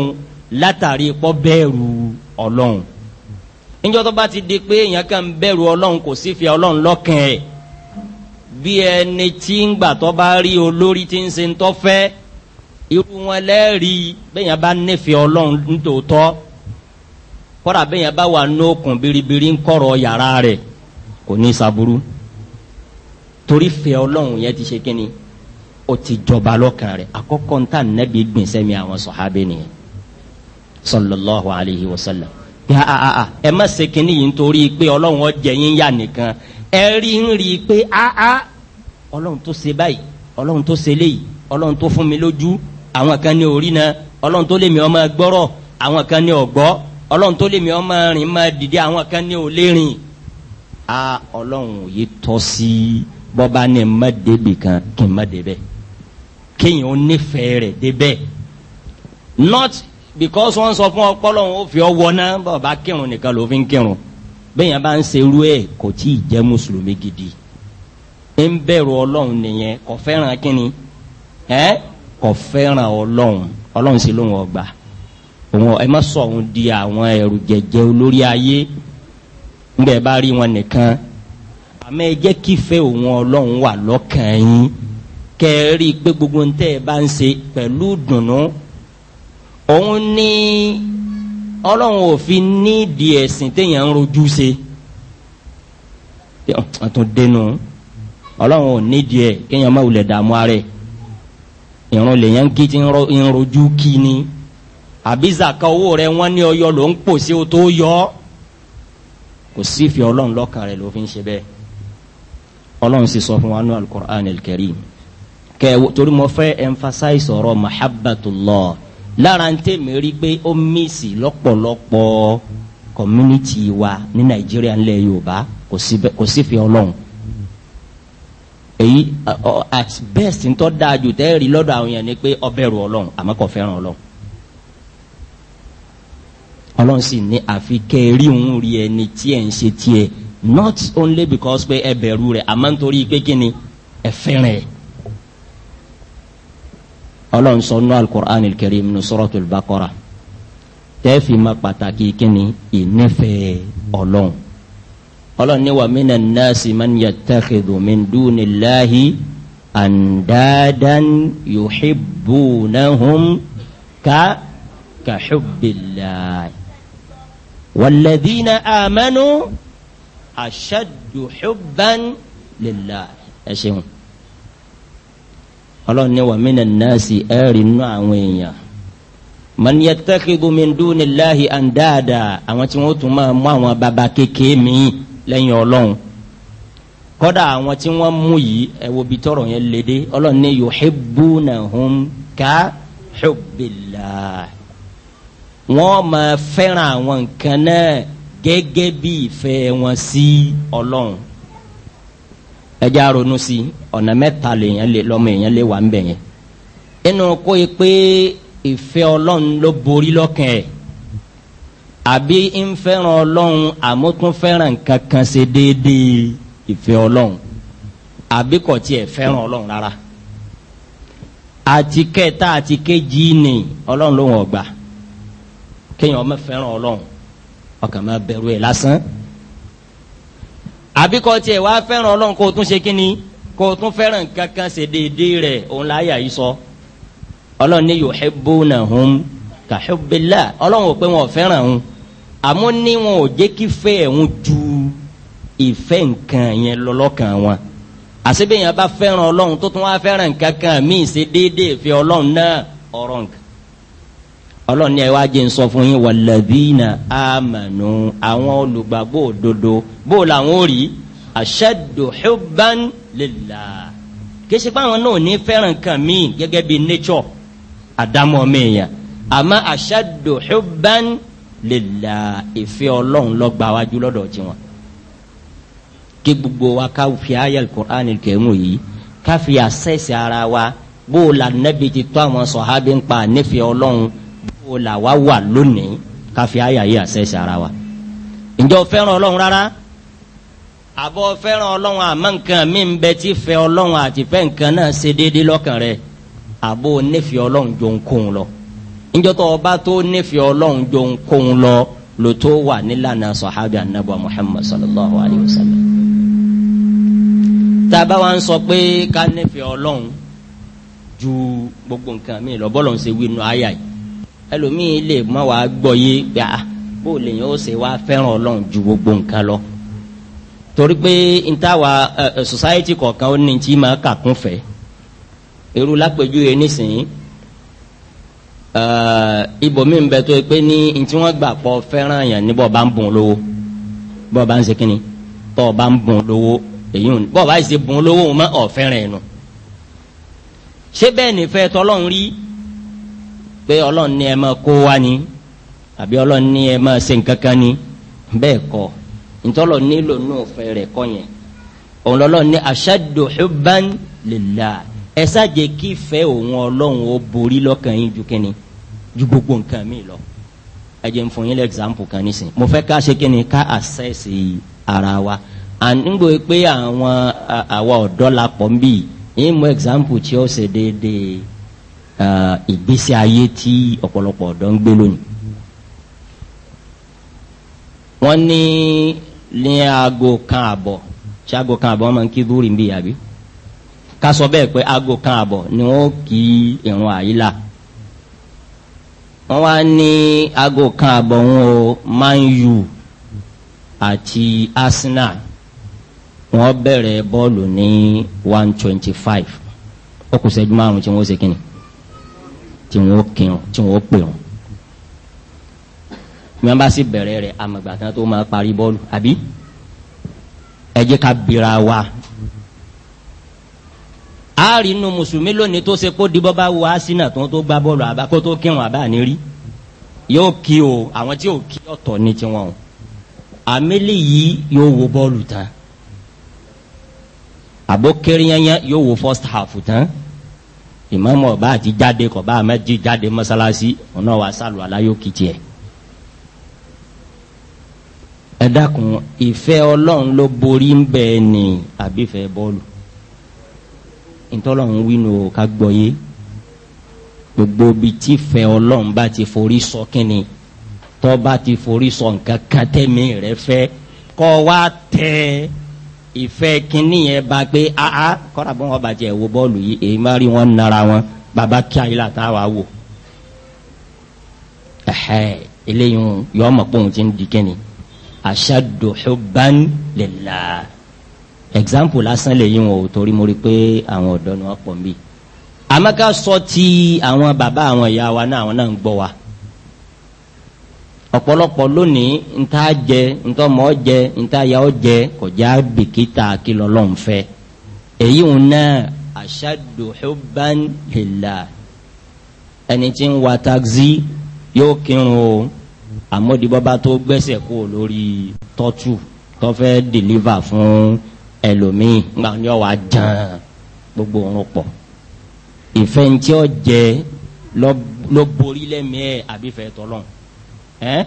látàrí ipọ́ bẹ̀rù ọlọ́run níjọ́ tó bá ti di pé èèyàn kan bẹ̀rù ọlọ́run kò sí fi ọlọ́run lọ́kàn ẹ̀ bí ẹni tí ń gbà tó bá rí olórí tí ń ṣe ń tọ́ fẹ́ irú wọn lẹ́rìí bẹ́ẹ̀yàn bá nífẹ̀ẹ́ ọlọ́run nítòótọ́ kọ́ra bẹ́ẹ̀yàn bá wà nókun biribiri ń kọ̀rọ̀ yàrá rẹ̀ kò ní saburú torí fẹ́ ọlọ́run yẹn ti ṣe kínni ó ti jọba lọ́kàn rẹ̀ àkọ́kọ́ ń tà nẹ́bí mi àwọn sọ̀hábẹ́ nìyẹn sallallahu alayhi wa sallam ya a a a ẹ má ṣe kínni yìí nítorí pé ọlọ́run ó yín yà nìkan ẹ rí ń rí i pé a a ọlọ́run tó ṣe báyìí ọlọ́run tó ṣe léyìí ọlọ́run tó fún mi lójú àwọn kan ní orí náà ọlọ́run tó lè mi ọmọ gbọ́rọ̀ àwọn kan ní ọ̀gbọ́ ọlọ́run tó lè mi ọmọ rìn máa dìde àwọn kan ní òlérìn a ọlọ́run yìí tọ́ sí i bọ́ba ni ma débi kan kì ma débẹ̀ kéèyàn ó nífẹ̀ẹ́ rẹ̀ débẹ̀ not because wọ́n sọ fún ọpọlọ wọn ó fi ọwọ́ náà bọ́ba kírun nìkan ló fi ń kírun bẹ́ẹ̀ bá ń serú ẹ̀ kò tí ì jẹ́ mùsùlùmí gidi ń bẹ̀rù ọlọ́run nìyẹn kò fẹ́ràn kínni ẹ́ kò fẹ́ràn ọlọ́run ọlọ́run sì ló ń ọgbà òun ẹ má sọ òun di àwọn ẹrù jẹjẹ olórí ayé ń bẹ́ẹ̀ bá rí wọn nìkan àmọ́ ẹ jẹ́ kífẹ́ òun ọlọ́run wà lọ́kàn yín kẹrí pé gbogbo ń tẹ́ ẹ bá ń ṣe pẹ̀lú dùnú òun ní ọlọ́run ò fi nídìí ẹ̀sìn téèyàn ń rojú ṣe àtún dénú ọlọ́run ò nídìí ẹ̀ kéèyàn má wulẹ̀ dààmú ara ẹ̀ ìrún lèèyàn kí ti ń rojú kí ni àbí zaka owó rẹ wọn ní ọyọ ló ń pòṣe o tó yọ kò sífì ọlọ́run lọ́kàn rẹ̀ ló fi ń ṣe bẹ́ẹ̀ ọlọ́run sì sọ fún wa nù alukur'an alkarim kẹ torí mo fẹ́ emphasize ọ̀rọ̀ mahabbatullah lára ń tẹ̀ mí rí pé ó mísì lọ́pọ̀lọpọ̀ community wa ní nàìjíríà ńlẹ̀ yorùbá kò sí fi ọlọ́run èyí uh, at best ń tọ́ dáa jù tẹ́ rí lọ́dọ̀ àwọn yẹn ni pé ọbẹ̀rù ọlọ́run àmọ́ kò fẹ́ràn ọlọ́run ọlọ́run sì ní àfi kẹ́ òun rí ẹni tí ẹ̀ ń ṣe tiẹ̀ not only because pé ẹ bẹ̀rù rẹ̀ àmọ́ nítorí pé kí ni ẹ fẹ́ràn ẹ̀. ọlọ́run sọ nínú alukur'an al-karim nínú suratul baqara tẹ́ẹ̀fì ma pàtàkì kí ni ìnífẹ̀ẹ́ ọlọ́run. ọlọ́run ní wa minan nasi man yattakhidhu min dunillahi andadan yuhibbunahum ka ka hubbillah. والذين آمنوا ashaddu hubban lillah ẹ ṣeun ọlọ́run ní wa minan nasi ẹ̀rì nínú àwọn èèyàn man yattakhidhu min dunillahi andada àwọn tí wọ́n tún máa mú àwọn baba kékeré míì lẹ́yìn ọlọ́run kọ́dà àwọn tí wọ́n mú yìí ẹ wo bí tọrọ yẹn léde ọlọ́run ní yuhibbunahum ka hubbillah wọ́n máa fẹ́ràn àwọn nǹkan gẹ́gẹ́ bí ìfẹ́ wọn sí ọlọ́run ẹja ronú sí ọ̀nà mẹ́ta lèèyàn lè lọ́mọ èèyàn lè wà ń bẹ̀ yẹn inú kó e pé ìfẹ́ ọlọ́run ló borí lọ́kàn ẹ̀ àbí ń fẹ́ràn ọlọ́run àmótúnfẹ́ràn nǹkan kan ṣe déédéé ìfẹ́ ọlọ́run àbí kò tiẹ̀ fẹ́ràn ọlọ́run rárá àti kẹta àti kejì ni ọlọ́run ló wọ̀n gbà kéèyàn ọmọ fẹ́ràn ọlọ́run ọkàn máa bẹ̀rù ẹ̀ lásán. àbí kọ́ tiẹ̀ wá fẹ́ràn ọlọ́run kó o tún ṣe kí ni kó o tún fẹ́ràn kankan ṣe déédéé rẹ̀ òun láyà yìí sọ. ọlọ́run ní yuhibbunahum ka hubbillah ọlọ́run ò pé wọn ò fẹ́ràn òun àmọ́ ní wọn ò jẹ́ kí fẹ́ ẹ̀hún ju ìfẹ́ nǹkan yẹn lọ́lọ́kàn wọn àṣebíyàn bá fẹ́ràn ọlọ́run tó tún wá fẹ́ràn kankan míì ṣe déédéé fi ọlọ́run náà ọ̀rọ̀ nǹkan ọlọ́ni ẹ wá jẹ́ ń sọ fún yín wàlẹ́bínà àmànù àwọn olùgbàgbọ́ òdodo bó làwọn ò rí ashaddu hubban lillah kì í ṣe pé àwọn náà ní fẹ́ràn kan míì gẹ́gẹ́ bí nature àdámọ́ mẹ́yà àmọ́ ashaddu hubban lillah ìfẹ́ ọlọ́run lọ́gbà wájú lọ́dọ̀ tiwọn. kí gbogbo wa ká fi àyá al-Qur'an al yìí ká fi àṣẹ̀ṣẹ̀ ara wa bó la nẹ́bi ti tó àwọn sọ̀hábí wo là wá wà lónìí káfí àyà yìí àṣẹṣe ara wa ǹjọ́ fẹ́ràn ọlọ́run rárá àbọ̀ fẹ́ràn ọlọ́run àmọ́ nǹkan mi ń bẹ tí a ọlọ́run àti fẹ́ nǹkan náà ṣe déédéé lọ́kàn rẹ àbò nífẹ̀ẹ́ ọlọ́run jò ń kóhun lọ ǹjọ́ tó o bá tó nífẹ̀ẹ́ ọlọ́run jò ń kóhun lọ ló tó wà nílànà sọ̀hábì anábọ̀ Muhammad sallallahu alayhi wa sallam tá a bá wa ń sọ pé ká nífẹ̀ẹ́ ọlọ́run ju gbogbo nǹkan mi lọ bọ́lọ̀ ń ṣe wí nù ayà ẹlòmíì lè má wà á gbọ́ yé gbà ah, bó lè yàn ó ṣe wá fẹ́ràn ọlọ́run ju gbogbo nǹkan lọ torí pé n táwa society kọ̀ọ̀kan ó ní tí máa kàkún fẹ́ irú lápèjúwe nísìnyí ibòmí ń bẹ tó pé ní ntí wọ́n gbà pọ̀ fẹ́ràn yàn ní bọ́ bá ń bùn lówó bọ́ bá ń ṣe kínní tọ́ bá ń bùn lówó èyí ò ní bọ́ ṣe bùn lówó wọn ọ̀fẹ́ràn ẹ̀ nù ṣé bẹ́ẹ̀ nìfẹ́ tọ́lọ́run rí pé ọlọ́run ní ẹ máa kó wá ni àbí ọlọ́run ní ẹ máa ṣe nǹkan kan ni bẹ́ẹ̀ kọ́ ntọ́lọ̀ nílò nù ọ̀fẹ́ rẹ̀ kọ́ yẹn òun lọ́lọ́run ní ashaddu hubban lillah ẹ sáàjẹ́ kí ìfẹ́ òun ọlọ́run ó borí lọ́kàn yín ju kínni ju gbogbo nǹkan mi lọ ẹ jẹ́ n fún yín lẹ́gzámpù kan nísìn mo fẹ́ ká ṣe kínni ká àṣẹ́sì ara wa ànígbò pé àwọn àwa ọ̀dọ́ la pọ̀ ń bì yín mú ẹ̀gzámpù tí ó ṣe déédéé Eh, ìgbésí ayé tí ọ̀pọ̀lọpọ̀ ọ̀dọ́ ń gbé lónìí. wọ́n ní ní aago kan àbọ̀ ṣé aago kan àbọ̀ wọ́n máa ń kí dúrì ń bí yàbí ká sọ bẹ́ẹ̀ pé aago kan àbọ̀ ni wọ́n kí ìrun àyílà Man U àti Arsenal wọ́n bẹ̀rẹ̀ bọ́ọ̀lù ní one twenty five ó kù márùn tí wọ́n kírun tí wọ́n pèrun wọ́n bá sì bẹ̀rẹ̀ rẹ̀ amọ̀gbà kan tó máa parí bọ́ọ̀lù àbí ẹ ká bira wa àárí inú mùsùlùmí lónìí tó ṣe kó dìbò bá wọ asínà tó tó gbá bọ́ọ̀lù àbá kó tó kírun àbá ní rí yóò kí o àwọn tí ò kí ọ̀tọ̀ ní tiwọn o àmẹ́lẹ̀ yìí yóò wo bọ́ọ̀lù tán àbókẹ́rẹ́yẹn yóò wo first half tán. Huh? ìmáàmù ọba àti jáde kọba àmẹ́jì jáde mọ́sálásí ọ̀nà wa sálù aláyókìtì ẹ̀. ẹ dákun ìfẹ́ ọlọ́run ló borí ń bẹ ní àbífẹ́ bọ́ọ̀lù ntọ́lọ́run wínú ká gbọ́yé gbogbo bi tí fẹ́ ọlọ́run bá ti forí sọ kínni tọ́ bá ti forí sọ nǹkan kan tẹ́mi rẹ fẹ́ kọ́ wa tẹ́ ẹ ìfẹ́ kínní yẹn bá pé aa kọ́ra bọ́n wọn bàjẹ́ wo bọ́ọ̀lù yìí èyí má rí wọn nara wọn baba kí ayé la tá a wá wò ẹ̀hẹ́ eléyìí yọ ọmọ pé òun ti ń di kínní ashaddu hubban lillah example lásán lè yín o torí mo rí i pé àwọn ọ̀dọ́ ni wọ́n pọ̀ mí. àmọ́ ká sọ ti àwọn bàbá àwọn ìyá wa náà àwọn náà ń gbọ́ wa ọ̀pọ̀lọpọ̀ lónìí ntá jẹ ntọ́ mọ́ jẹ ntá ya ọ jẹ kọjá bìkítà kìlọ̀ lọ́nfẹ́ èyí ń ná ashaddu hubban lillah ẹni tí ń wa taxi yóò kírun o àmọ́dìbọ́bá tó gbẹ́sẹ̀ kó lórí tọ́tù tó fẹ́ deliver fún ẹlòmíì nígbà ní ọ̀wà jàn gbogbo òun pọ̀ ìfẹ́ ntí ọ jẹ lọ borí lẹ́mìí ẹ̀ àbífẹ́ tọ́lọ́n. ẹ́n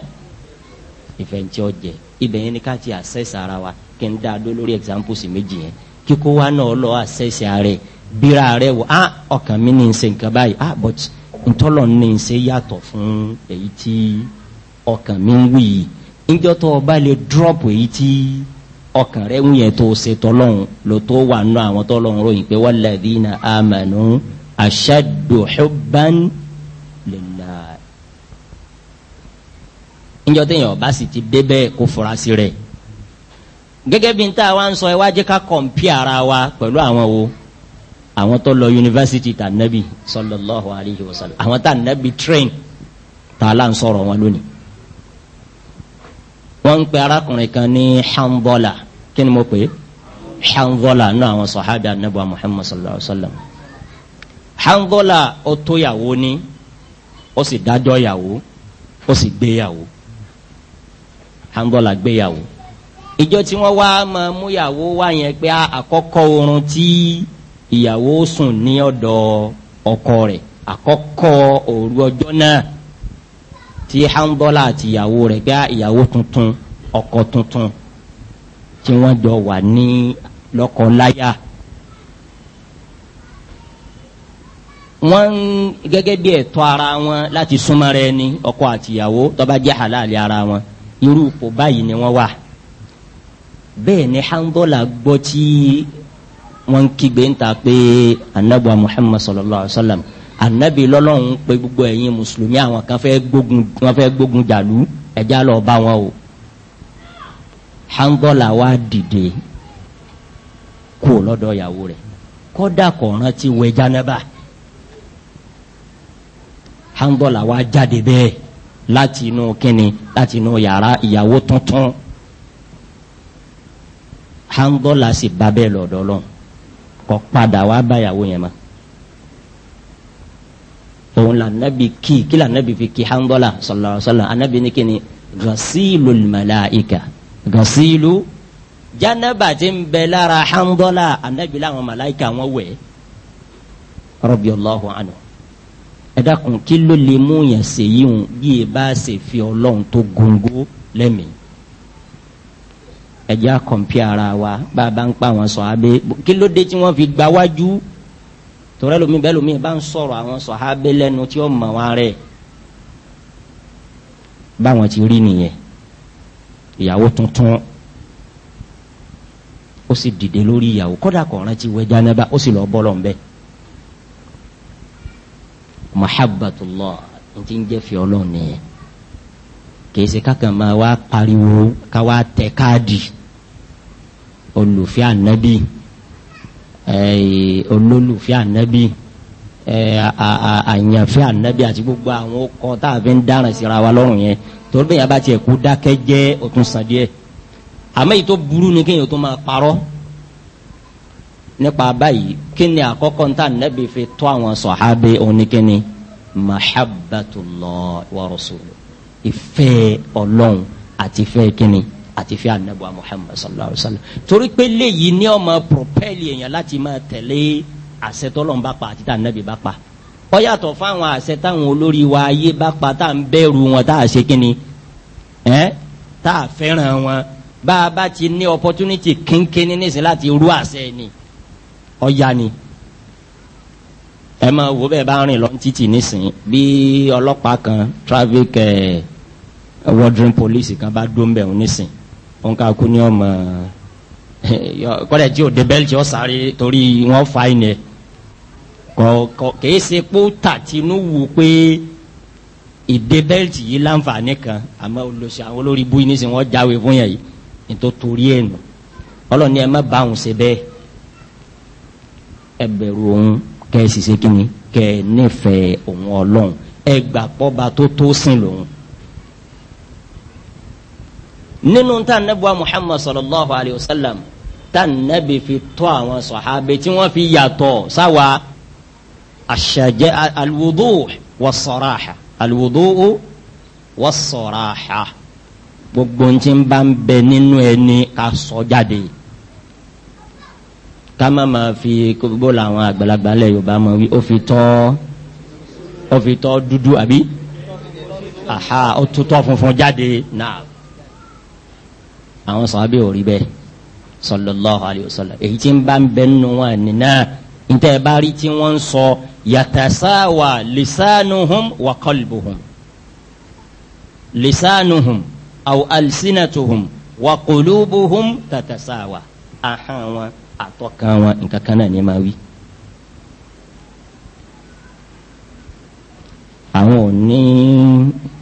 ìfẹ̀ǹtì ọ̀jẹ̀ ibẹ̀ yẹn ni ká ti assess ara wa kí n dá a dó lórí examples méjì yẹn kíkó wa náà lọ assess ara bíra rẹ̀ wò ah ọkàn mi ní n ṣe nǹkan báyìí ah but ntọ́lọ̀ ní n ṣe yàtọ̀ fún èyí tí ọkàn mi ń wù yìí tó o bá lè drop èyí tí ọkàn rẹ̀ ń yẹn tó o ṣe tọ́lọ́hún ló tó wà nù àwọn tọ́lọ́hún ròyìn pé amanu ashaddu hubban. níjọ́ téèyàn bá sì ti débẹ̀ kó fura sí rẹ̀ gẹ́gẹ́ ta wa ń sọ ẹ wá jẹ́ ká wa pẹ̀lú àwọn wo àwọn tó lọ yunifásitì tà nẹ́bì sallallahu alayhi wa sallam àwọn tà nẹ́bì train tà là ń sọ̀rọ̀ wọn lónìí. wọ́n ń pe arákùnrin kan ní hanbọ́là kí mo pè é hanbọ́là nínú àwọn sọ̀hádà nẹ́bù muhammad sallallahu alayhi wa sallam. hanbọ́là ó tó yàwó ni ó sì dájọ́ yàwó ó sì gbé handola gbéyàwó ìjọ tí wọ́n wá máa múyàwó wá yẹn pé àkọ́kọ́ oorun tí ìyàwó sùn ní ọ̀dọ̀ ọkọ rẹ̀ àkọ́kọ́ òru ọjọ́ náà tí handola àti ìyàwó rẹ̀ pé ìyàwó tuntun ọkọ tuntun tí wọ́n jọ wà ní lọ́kọláya. wọ́n gẹ́gẹ́ bí ẹ̀tọ́ ara wọn láti súnmọ́ rẹ̀ ni ọkọ àtìyàwó tó bá jẹ́ halali ara wọn. irú ipò báyìí ni wọ́n wà bẹ́ẹ̀ ni handola gbọ́ tí wọ́n ń kígbe ń ta pé anabi muhammad sallallahu alaihi wa sallam anabi lọ́lọ́run pé gbogbo ẹ̀yin mùsùlùmí àwọn kan fẹ́ gbógun wọ́n fẹ́ gbógun jàlú ẹ̀já lọ bá wọn o handola wa dìde kú lọ́dọ̀ ìyàwó rẹ̀ kọ́dà kò ti wẹ̀ jánábà handola wa jáde bẹ́ẹ̀. láti inú kínni láti inú yàrá ìyàwó tuntun hangola sì bá bẹ́ẹ̀ lọ́dọ̀ lọ kó padà wá báyàwó yẹn ma òun la nabi kí kí la nabi fi kí hangola sallallahu alaihi wasallam anabi ní kínni gasilu malaika gasilu janaba ti ń bẹ lára hangola anabi làwọn malaika wọn wẹ̀ radiyallahu anhu ẹ dákun kí ló lè mú yàn ṣèyí hùn bí e bá ṣe fi ọlọ́run tó góńgó lẹ́mìí ẹjẹ́ àkànpí ara wa bá a bá ń pa àwọn sọ̀hábé kí ló dé tí wọ́n fi gba wájú tọ́rẹ́ lomi bẹ́ẹ̀ lomi bá ń sọ̀rọ̀ àwọn sọ̀hábé lẹ́nu tí ó mọ̀ wọn rẹ̀ báwọn ti rí nìyẹn ìyàwó tuntun ó sì dìde lórí ìyàwó kódà kò rántí wẹ jánábà ó sì lọ bọ́ lọ́nbẹ́ẹ́ muhabbatullah n ti ń jẹ́ fi ọlọ́run nìyẹn kìí ṣe kákan máa wá pariwo ká wá tẹ káàdì olùfẹ́ ànábì olólùfẹ́ ànábì àyànfẹ́ ànábì àti gbogbo àwọn ọkọ tá a fi ń dáràn síra wa lọ́rùn yẹn torí bẹ́ẹ̀ yẹn bá tiẹ̀ kú dákẹ́ jẹ́ ó tún sàn díẹ̀ àmọ́ èyí tó burú ni kéèyàn tó máa parọ́ nípa báyìí kí ni àkọ́kọ́ ń tà nẹ́bi fi tó àwọn sọ̀hábé oníkíni mahabbatullah wa rasulu ìfẹ́ ọlọ́run àti ìfẹ́ kíni àti ìfẹ́ anabuwa muhammad sallallahu alayhi wa sallam torí pé léyìí ní ọmọ propel èèyàn láti máa tẹ̀lé àṣẹ tọ́lọ́run bá pa àti tà nẹ́bi bá pa ó yàtọ̀ fáwọn àṣẹ táwọn olórí wa ayé bá pa tá à ń bẹ̀rù wọn tá à ṣe kíni ẹ́ tá à fẹ́ràn wọn bá a bá ti ní opportunity kínkínní nísìnyí láti rú àṣẹ ni ọ̀ya ni ẹ máa wo bẹ́ẹ̀ bá rìn lọ títì nísìnyí bí ọlọ́pàá kan traffic eh, wardrobe police kan bá dó mbẹ̀ nísìnyí wọn ká kú ní ọmọ eh, kọ́lẹ̀ tí o dé bẹ́ẹ̀lì tí o sáré torí wọ́n fa iná kọ̀ kìí ṣe pé ó tà tínú wù pé ìdè bẹ́ẹ̀lì yìí láǹfààní kan àmọ́ olóṣè àwọn olórí bú yìí nísìnyí wọ́n jáwé fún yẹn yìí nítorí ẹ̀ nù ọlọ́ni ẹ má bá òun ṣe bẹ́ẹ̀ ẹbẹ̀rù òun kẹ́ ẹ sì ṣe kí ni kẹ́ ẹ nífẹ̀ẹ́ òun ọlọ́run ẹ gbà pọ́ba tó tó sìn lòun. nínú tá a nẹ́bùa muhammad sallallahu alayhi wa sallam tá a nẹ́bi fi tọ́ àwọn sọ̀hábẹ́ tí wọ́n fi yàtọ̀ sáwa àṣàjẹ́ alwudu wa sọ̀ráha alwudu wa sọ̀ráha gbogbo ntí bá ń bẹ nínú ẹni ká sọ jáde ká má ma fi gbogbo làwọn àgbàlagbà lẹ yorùbá ma wí ó fi tọ́ ó fi tọ́ dúdú àbí aha ó tó tọ́ funfun jáde náà àwọn sàbẹ̀ ò rí bẹ́ẹ̀ sallallahu alayhi wa sallam èyí tí ń bá ń bẹ nínú wọn nínà níta ẹ bá rí tí wọ́n ń sọ yatasawa lisanuhum wa qalbuhum lisanuhum aw alsinatuhum wa qulubuhum tatasawa ahọ́n wọn àtọ́kan wọn nǹkan kan náà ní máa wí. àwọn ò ní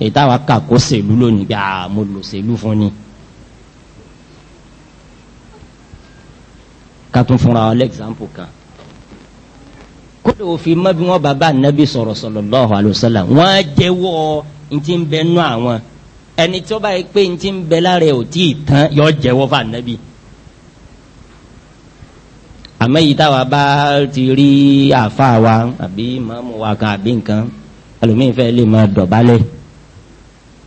ìtawà kàkó sèlú lónìí gbà mo lò sèlú fún ni. ká tún fúnra ọ lẹ́gzámpù kan kódò òfin mọ́ bí bàbá ànábì sọ̀rọ̀ sallallahu alaihi wasallam wọ́n á jẹ́wọ́ ntí ń bẹ nú àwọn ẹni tí ó bá yẹ pé ntí ń bẹ lára ẹ̀ ò tí ì tán yọ jẹ́wọ́ fún ànábì àmọ́ yìí táwa bá ti rí àfa wa àbí mọ́mú wa kan àbí nǹkan ẹlòmíín fẹ́ lè máa dọ̀bálẹ̀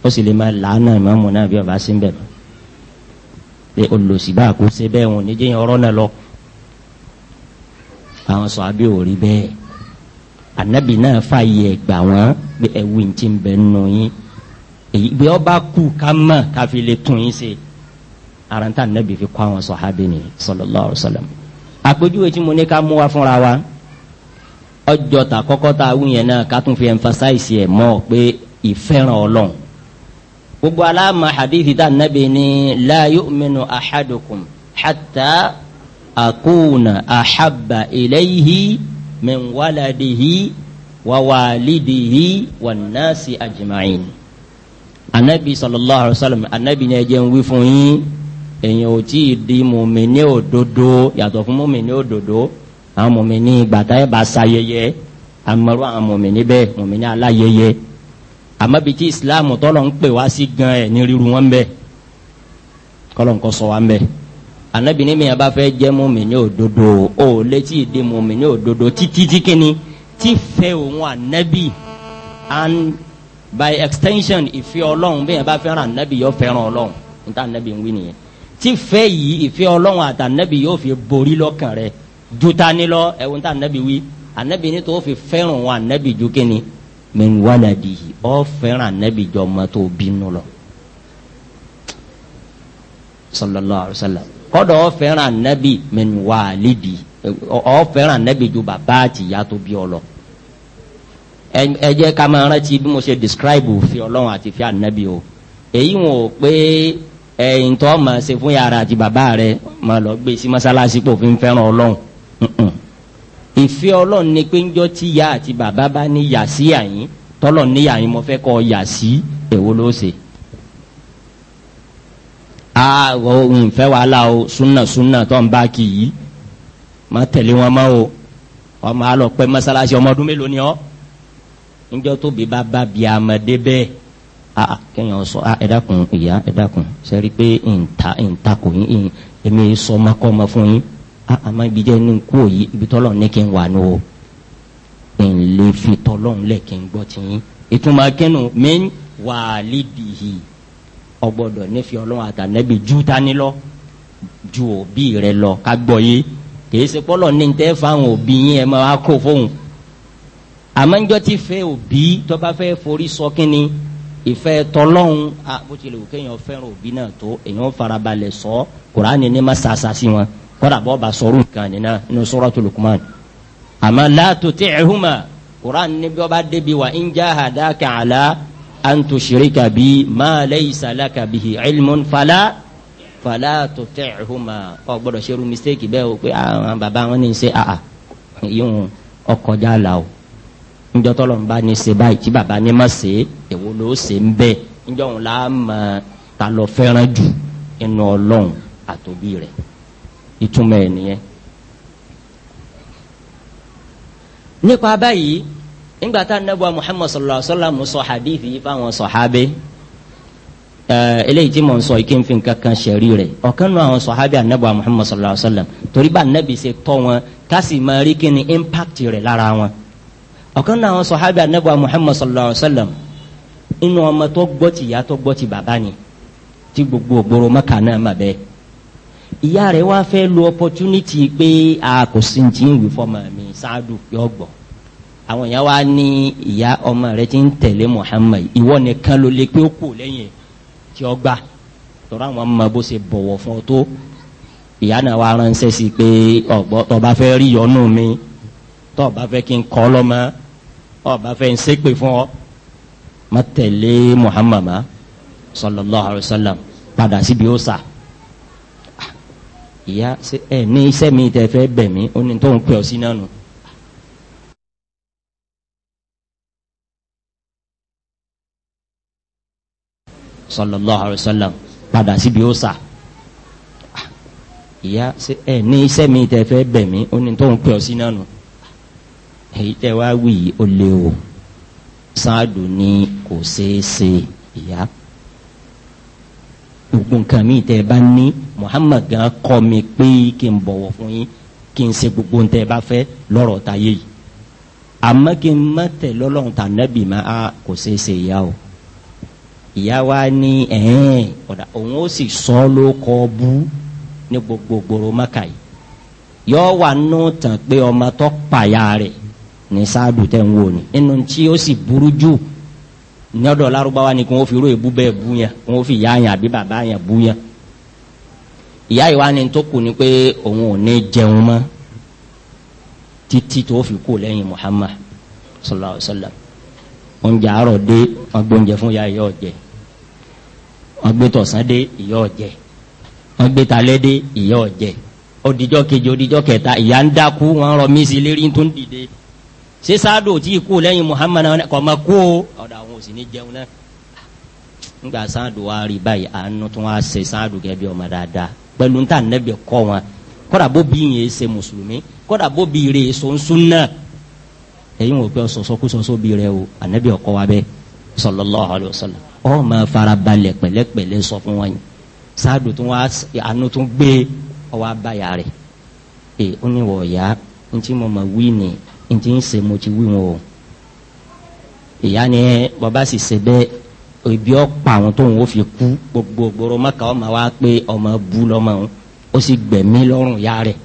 ó sì lè máa làánà ìmọ̀mú náà bí ọba sí ń bẹ̀rẹ̀ pé olùsìbá kò ṣe bẹ́ẹ̀ wọn níjẹ́ yẹn ọ̀rọ̀ náà lọ àwọn sọ abẹ́ ò rí bẹ́ẹ̀ ànábì náà fààyè ẹ̀gbà wọn pé ẹ̀wù ń ti bẹ̀ nù yín èyí bí ọba kú ká mọ̀ káfi lè tún yín ṣe àrántà ànábì fi kọ́ àwọn sọ̀hábẹ́ ni sallallahu alaihi wasallam àpèjúwe tí mo ní ká mú wa fúnra wa ọjọ́ ta kọ́kọ́ ta awú yẹn náà ká tún fi emphasize ẹ̀ mọ́ pé ìfẹ́ràn ọlọ́run gbogbo aláàmà hadithi tá nàbẹ ni la yu'minu ahadukum hatta akuna ahabba ilayhi min waladihi wa walidihi anabi sallallahu alayhi wa sallam anabi ni ẹ jẹ́ n wí fún yín èyàn ò tí ì di mòmìnì òdodo yàtọ̀ fún mòmìnì òdodo àwọn mòmìnì gbàtà ẹ̀ bá sayẹyẹ amọ̀rọ̀ àwọn mòmìnì bẹ́ẹ̀ mòmìnì aláyẹyẹ àmọ́ bíi ti islam tọ́lọ̀ ń pè wá sí gan ẹ̀ ní ríru wọn bẹ́ẹ̀ kọ́lọ̀ ń kọ́ sọ wá ń bẹ́ẹ̀ anabi ní mìíràn bá fẹ́ jẹ́ mòmìnì òdodo ó létí ìdí mòmìnì òdodo títí tí kínní tí fẹ́ òun anabi and by extension ìfẹ́ ọlọ́run bẹ́ẹ̀ bá fẹ́ràn anabi yọ fẹ́ràn ọlọ́run níta anabi ń wí nìyẹn tí fẹ́ yìí ìfẹ́ ọlọ́run àtànẹ́bì yóò fi borí lọ́kàn rẹ̀ ju ta ni lọ ẹ̀wọ̀n tá ànẹ́bì wí ànẹ́bì ni tó fi fẹ́ràn wọn ànẹ́bì ju kí ni mẹ́wàládì ọ fẹ́ràn ànẹ́bì jọ ọmọ tó bínú lọ. sallallahu alaihi wasallam kọ́dọ̀ ọ fẹ́ràn ànẹ́bì mẹ́wàlídì ọ fẹ́ràn ànẹ́bì ju bàbá àtìyá tó bí ọ lọ. ẹ jẹ́ ká máa rántí bí mo ṣe describe fi ọlọ́run àti fi ànẹ́bì o èyí wọn ò pé ẹ̀yìn tó ma ṣe fún yàrá àti bàbá rẹ̀ ma lọ gbé e sí mọ́sálásí kò fi ń fẹ́ràn ọlọ́run ìfẹ́ ọlọ́run ni pé ńjọ́ tí ya àti bàbá bá ní yà sí àyín tọ́lọ̀ ní àyín mo fẹ́ kọ́ yà sí èwo ló ṣe. àwọ̀ ìfẹ́ wàhálà o súnà súnà tó ń bá kì í má tẹ̀lé wọn mọ́ o ọmọ alọ pẹ́ mọ́sálásí ọmọ ọdún mélòó ni ọ́ ńjọ́ tóbi bá bá bi àmọ́dé bẹ́ẹ̀. Ah, kéèyàn sọ ah, ẹ dákun ìyá ẹ dákun sẹ́rí pé ìǹta ìǹta kò yín èmi sọ ọmọkọ́mọ fún yín ah, àmọ́ ibi jẹ́ ní kú òyì ibi tọ́lọ̀ ní kí n wà nù o ìlè fi tọ́lọ̀ ńlẹ̀ kí n gbọ́ ti yín ìtumọ̀ akẹ́nu mi wà lídìí ọgbọ́dọ̀ nífẹ̀ẹ́ ọlọ́run àtànẹ́bí jù tani lọ ju òbí rẹ lọ ká gbọ́ yé kìí ṣe pọ́lọ̀ ní tẹ́ fáwọn òbí yín ẹ máa kó fóun àmọ́ níjọ́ tí fẹ́ òbí tó bá fẹ́ forí sọ kínni. So ìfẹ́ tọlọ́hún a bó ti lè wò kéèyàn fẹ́ràn òbí náà tó èèyàn farabalẹ̀ sọ kuraani ní ma sàṣà sí wọn kọ́dà bọ́ bá sọ̀rọ̀ nǹkan nínú inú suratul Luqman àmọ́ la tuti'huma kuraani ní bí wọ́n bá débi wa in jahadaka ala an tushrika bi ma laysa laka bihi ilmun fala fala tuti'huma ọ gbọ́dọ̀ ṣerú mistake bẹ́ẹ̀ o pé ah, àwọn bàbá wọn ní njọ tọlọ ń bá ba ṣe báyìí tí baba ní ma ṣe èwo ló ṣe ń bẹ njọ ń la mọ ta lọ fẹ́ràn jù inú Ọlọ́run àtòbí rẹ̀ ìtumọ̀ nípa báyìí nígbà tá anabu muhammad sallallahu alaihi wa sallam sọ hadithi fáwọn sọ̀hábẹ́ eléyìí tí mo ń sọ yìí kí n fi nǹkan kan ṣẹ̀rí rẹ̀ ọ̀kan nù àwọn sọ̀hábì anabu muhammad sallallahu alaihi wa sallam torí bá anabi ṣe tọ́ wọn ká máa rí kí ni impact rẹ̀ lára wọn. ọ̀kan náà sọ̀hábì anábọ̀ muhammad sallallahu alayhi wa sallam inú ọmọ tó gbọ́ ti ìyá tó gbọ́ ti bàbá ni tí gbogbo ògbóró mọ́kà náà mà bẹ́ẹ̀ ìyá rẹ̀ wá fẹ́ lo opportunity a kò sí ti ń wí fọmọ mi ṣáàdù yọ gbọ́ àwọn èèyàn wá ní ìyá ọmọ rẹ ti ń tẹ̀lé muhammad ìwọ nìkan ló lè pé ó kù lẹ́yìn tí ó gbà tọ́ra àwọn ọmọ bó ọba fẹ́ ń ṣépè fún ọ má tẹ̀lé muhammad ma sallallahu alayhi wa sallam padà síbi ó sà ah, ìyá ẹ ní iṣẹ́ mi tẹ fẹ́ bẹ̀ mí ó ní tó ń ọ sí náà nù. sallallahu alayhi wa sallam padà síbi ó sà ah, ìyá ẹ ní iṣẹ́ mi tẹ fẹ́ bẹ̀ mí ó ní tó ń ọ sí náà nù èyí tẹ́ wá wì yìí ó lé o sáàdù ni kò ṣeé ṣe ìyá gbogbo nǹkan mi tẹ́ bá ní muhammad gan kọ́ mi pé kí n bọ̀wọ̀ fún yín kí n ṣe gbogbo ntẹ́ bá fẹ́ lọ́rọ̀ ta yé yìí àmọ́ kí n má tẹ̀ lọ́lọ́run tà nábì má a kò ṣeé ṣe ìyá o ìyá wa ní ẹ̀ẹ́n ọ̀dà òun ó sì sọ ló kọ́ bú ní gbogbo gbòòrò mọ́kà yìí yọ wà nù tàn pé ọmọ tó pàyà rẹ̀ ní sáàdù tẹ̀ ń wò ní inú tí ó sì burú jù ní ọ̀dọ̀ ni kí wọ́n fi ró èbú bẹ́ẹ̀ bú yẹn kí wọ́n fi ìyá yẹn àbí bàbá yẹn bú yẹn ìyá ìwá ni tó kù ni pé òun ò ní jẹun mọ́ títí tó fi kú lẹ́yìn Muhammad sallallahu alaihi wa sallam oúnjẹ àárọ̀ dé wọ́n gbé oúnjẹ fún ya ìyá ọ̀jẹ̀ wọ́n gbé tọ̀sán dé ìyá ọ̀jẹ̀ wọ́n gbé talẹ́ dé ìyá ọ̀jẹ̀ odijọ́ kejì odijọ́ kẹta ìyá ń dákú wọ́n rọ mí sí lérí tó ń dìde ṣé sáádò tí kú lẹ́yìn muhammad kọ́ ma kú o ọ̀dà àwọn òsì ní jẹun náà nígbà sáádò wa rí báyìí àánú tó wá ṣe sáádò gẹ́gẹ́ bí ọmọ dáadáa pẹ̀lú níta nẹ́bẹ̀ kọ́ wọn kọ́dà bó bí yẹn ṣe mùsùlùmí kọ́dà bó bí rè sọ̀nsún náà ẹ̀yin wò pé o ànẹ́bẹ̀ ọkọ wa ntí ń ṣe mo ti wí wọn o ìyá ni bàbá sì ṣe bẹ́ẹ̀ ibi ọ̀pọ̀ àwọn tóun ó fi kú gbogbo gbòòrò mọ́kà ọmọ wa pé ọmọ bú lọ́mọ òun ó sì gbẹ̀mí lọ́rùn ya rẹ̀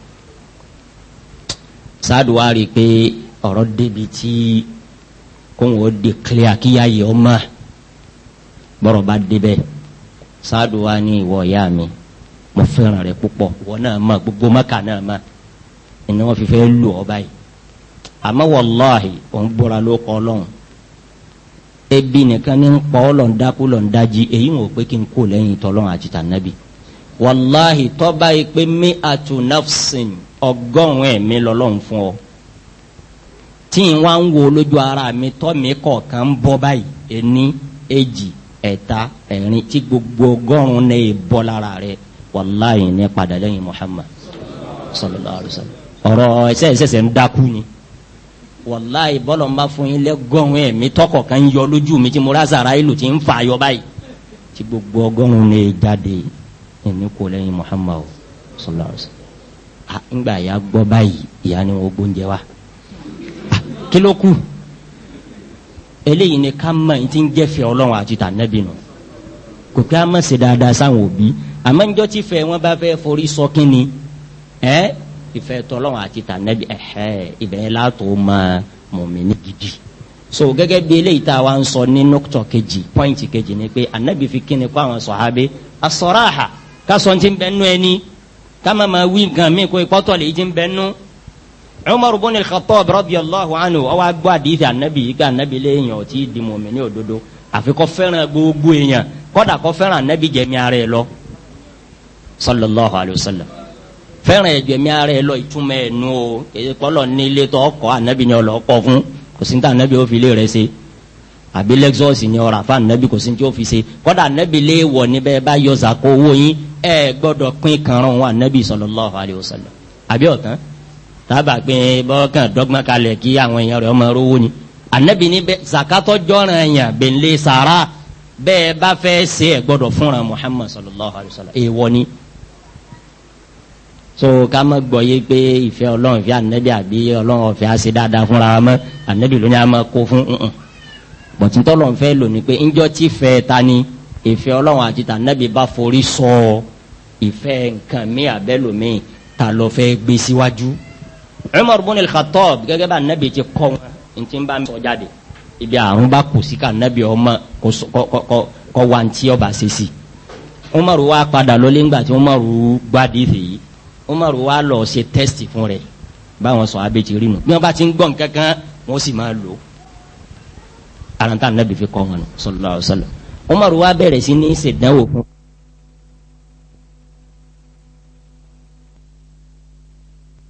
sáàdù wa rí i pé ọ̀rọ̀ débi tí kóun ó declare kíyà yìí ọmọ bọ́rọ̀ bá débẹ̀ sáàdù wa ní ìwọ ìyá mi mo fẹ́ràn rẹ púpọ̀ ìwọ náà mọ̀ gbogbo mọ́kà náà mọ̀ ìnáwó fífẹ́ lù ọ báyìí. àmọ́ wàláhì òun búra ló kọ́ lọ́hùn ebi nìkan ní ń pọ́ lọ́ndákú lọ́ndájí èyí wò pé kí n kó lẹ́yìn tọ́lọ́hùn àti tànàbí tọ́ba pé mi àtù nafsin ọgọ́rùn-ún ẹ̀mí lọ́lọ́hùn fún ọ tí n wá ń wo lójú ara mi tọ́ mi kọ̀ọ̀kan gbogbo ọgọ́rùn-ún bọ́ lára rẹ Muhammad wàláì bọ́lọ̀ ń bá fún yín lẹ́gọ́rùn ẹ̀mí tọkọ̀ kan ń yọ lójú mi tí mo rá sàrà ìlú tí ń fa ayọ̀ báyìí tí gbogbo ọgọ́rùn lè jáde ẹ̀mí kò lẹ́yìn muhammadu sallallahu alayhi wa sallam à ah, ńgbà ya gbọ́ báyìí ìyá ni wọ́n gbóúnjẹ wa ah, kí ló kù eléyìí ni ká mọ̀ ní ti ń jẹ́ fẹ́ ọlọ́run àti tànẹ́bì nù kò kí a mọ̀ sí dáadáa sáwọn òbí àmọ́ níjọ́ tí fẹ́ wọ́n bá fẹ́ forí sọ kí ni ẹ́ ìfẹ́ tọ́lọ́run àti tànẹ́bí ẹ̀hẹ́ ibẹ̀ látò mọ mọ̀mìnì gidi. so gẹ́gẹ́ bí eléyìí tá a wá ń sọ ní nọ́kítọ̀ kejì pọ́ìntì kejì ni pé anabi fi kíni kó àwọn sọ̀hábẹ́ asọ̀ráhà kásán ti ń bẹ nú ẹni káma máa wí nǹkan mí kó ìpọ́tọ̀ lè ti ń bẹ nú. Umar ibn al-Khattab radiyallahu anhu ọwọ́ agbó àdìsí anabi yìí ká anabi léèyàn ò tí ì di mọ̀mìnì òdodo àfi kó fẹ́ràn gbogbo èèyàn kódà kó fẹ́ràn anabi jẹ̀mí ara ẹ̀ lọ sallallahu alayhi wa sallam fẹ́ràn ẹ̀jẹ̀ mi ara ẹ lọ ìtumọ̀ ẹ̀ nu o èyí kọ́lọ̀ ní ilé tó ọkọ̀ ànábì ni ọlọ́ kọ́ fún kò sí ní ànábì ó fi ilé rẹ̀ ṣe àbí lexus ni ọ̀rọ̀ àfa ànábì kò sí ní tí ó fi ṣe kọ́dà ànábì lé wọ̀ níbẹ̀ bá yọ zàkó owó yín ẹ gbọ́dọ̀ pín kanran wọn ànábì sallallahu alaihi wasallam àbí ọ̀tán tábà pé bọ́kàn dọ́gbọ́n kalẹ̀ kí àwọn èèyàn rẹ̀ ọmọ rówó ni ànábì ní bẹ́ẹ̀ zakatọ́ jọ́ràn èèyàn bẹ́ẹ̀ lé sàrà bẹ́ẹ̀ bá Muhammad sallallahu alaihi wasallam èèwọ̀ ni so ká mọ̀ gbọ́ yé pé ìfẹ́ ọlọ́run ìfẹ́ ànẹ́bí àbí ọlọ́run ọ̀fẹ́ àṣẹ dáadáa fúnra wa mọ́ ànẹ́bí ló ní a máa kó fún un bọ̀tí tọ́lọ̀ ń fẹ́ lò ní pé ńjọ́ tí fẹ́ ta ni ìfẹ́ ọlọ́run àti tànẹ́bí bá forí sọ ìfẹ́ nǹkan mi àbẹ́lòmí ta lọ fẹ́ gbé síwájú. Umar ibn al-Khattab gẹ́gẹ́ bá ànẹ́bí ti kọ́ wọn ní ti ń bá mi sọ jáde ibi àrùn bá kù sí ká ànẹ́bí ọmọ kọ́ wa ní tí ọba ṣe sí. Umar wa padà lọ lé ńgbà tí Umar gbádìí Umar wa lọ ṣe tẹ́sítì fún rẹ̀ báwọn sọ abẹ́tì rí nu bí wọ́n bá ti ń gbọ́ nǹkan kan wọ́n sì máa lò ó alantan nabi fi kọ́ wọn sallallahu alaihi wasallam wa bẹ̀rẹ̀ sí ní ṣèdánwò fún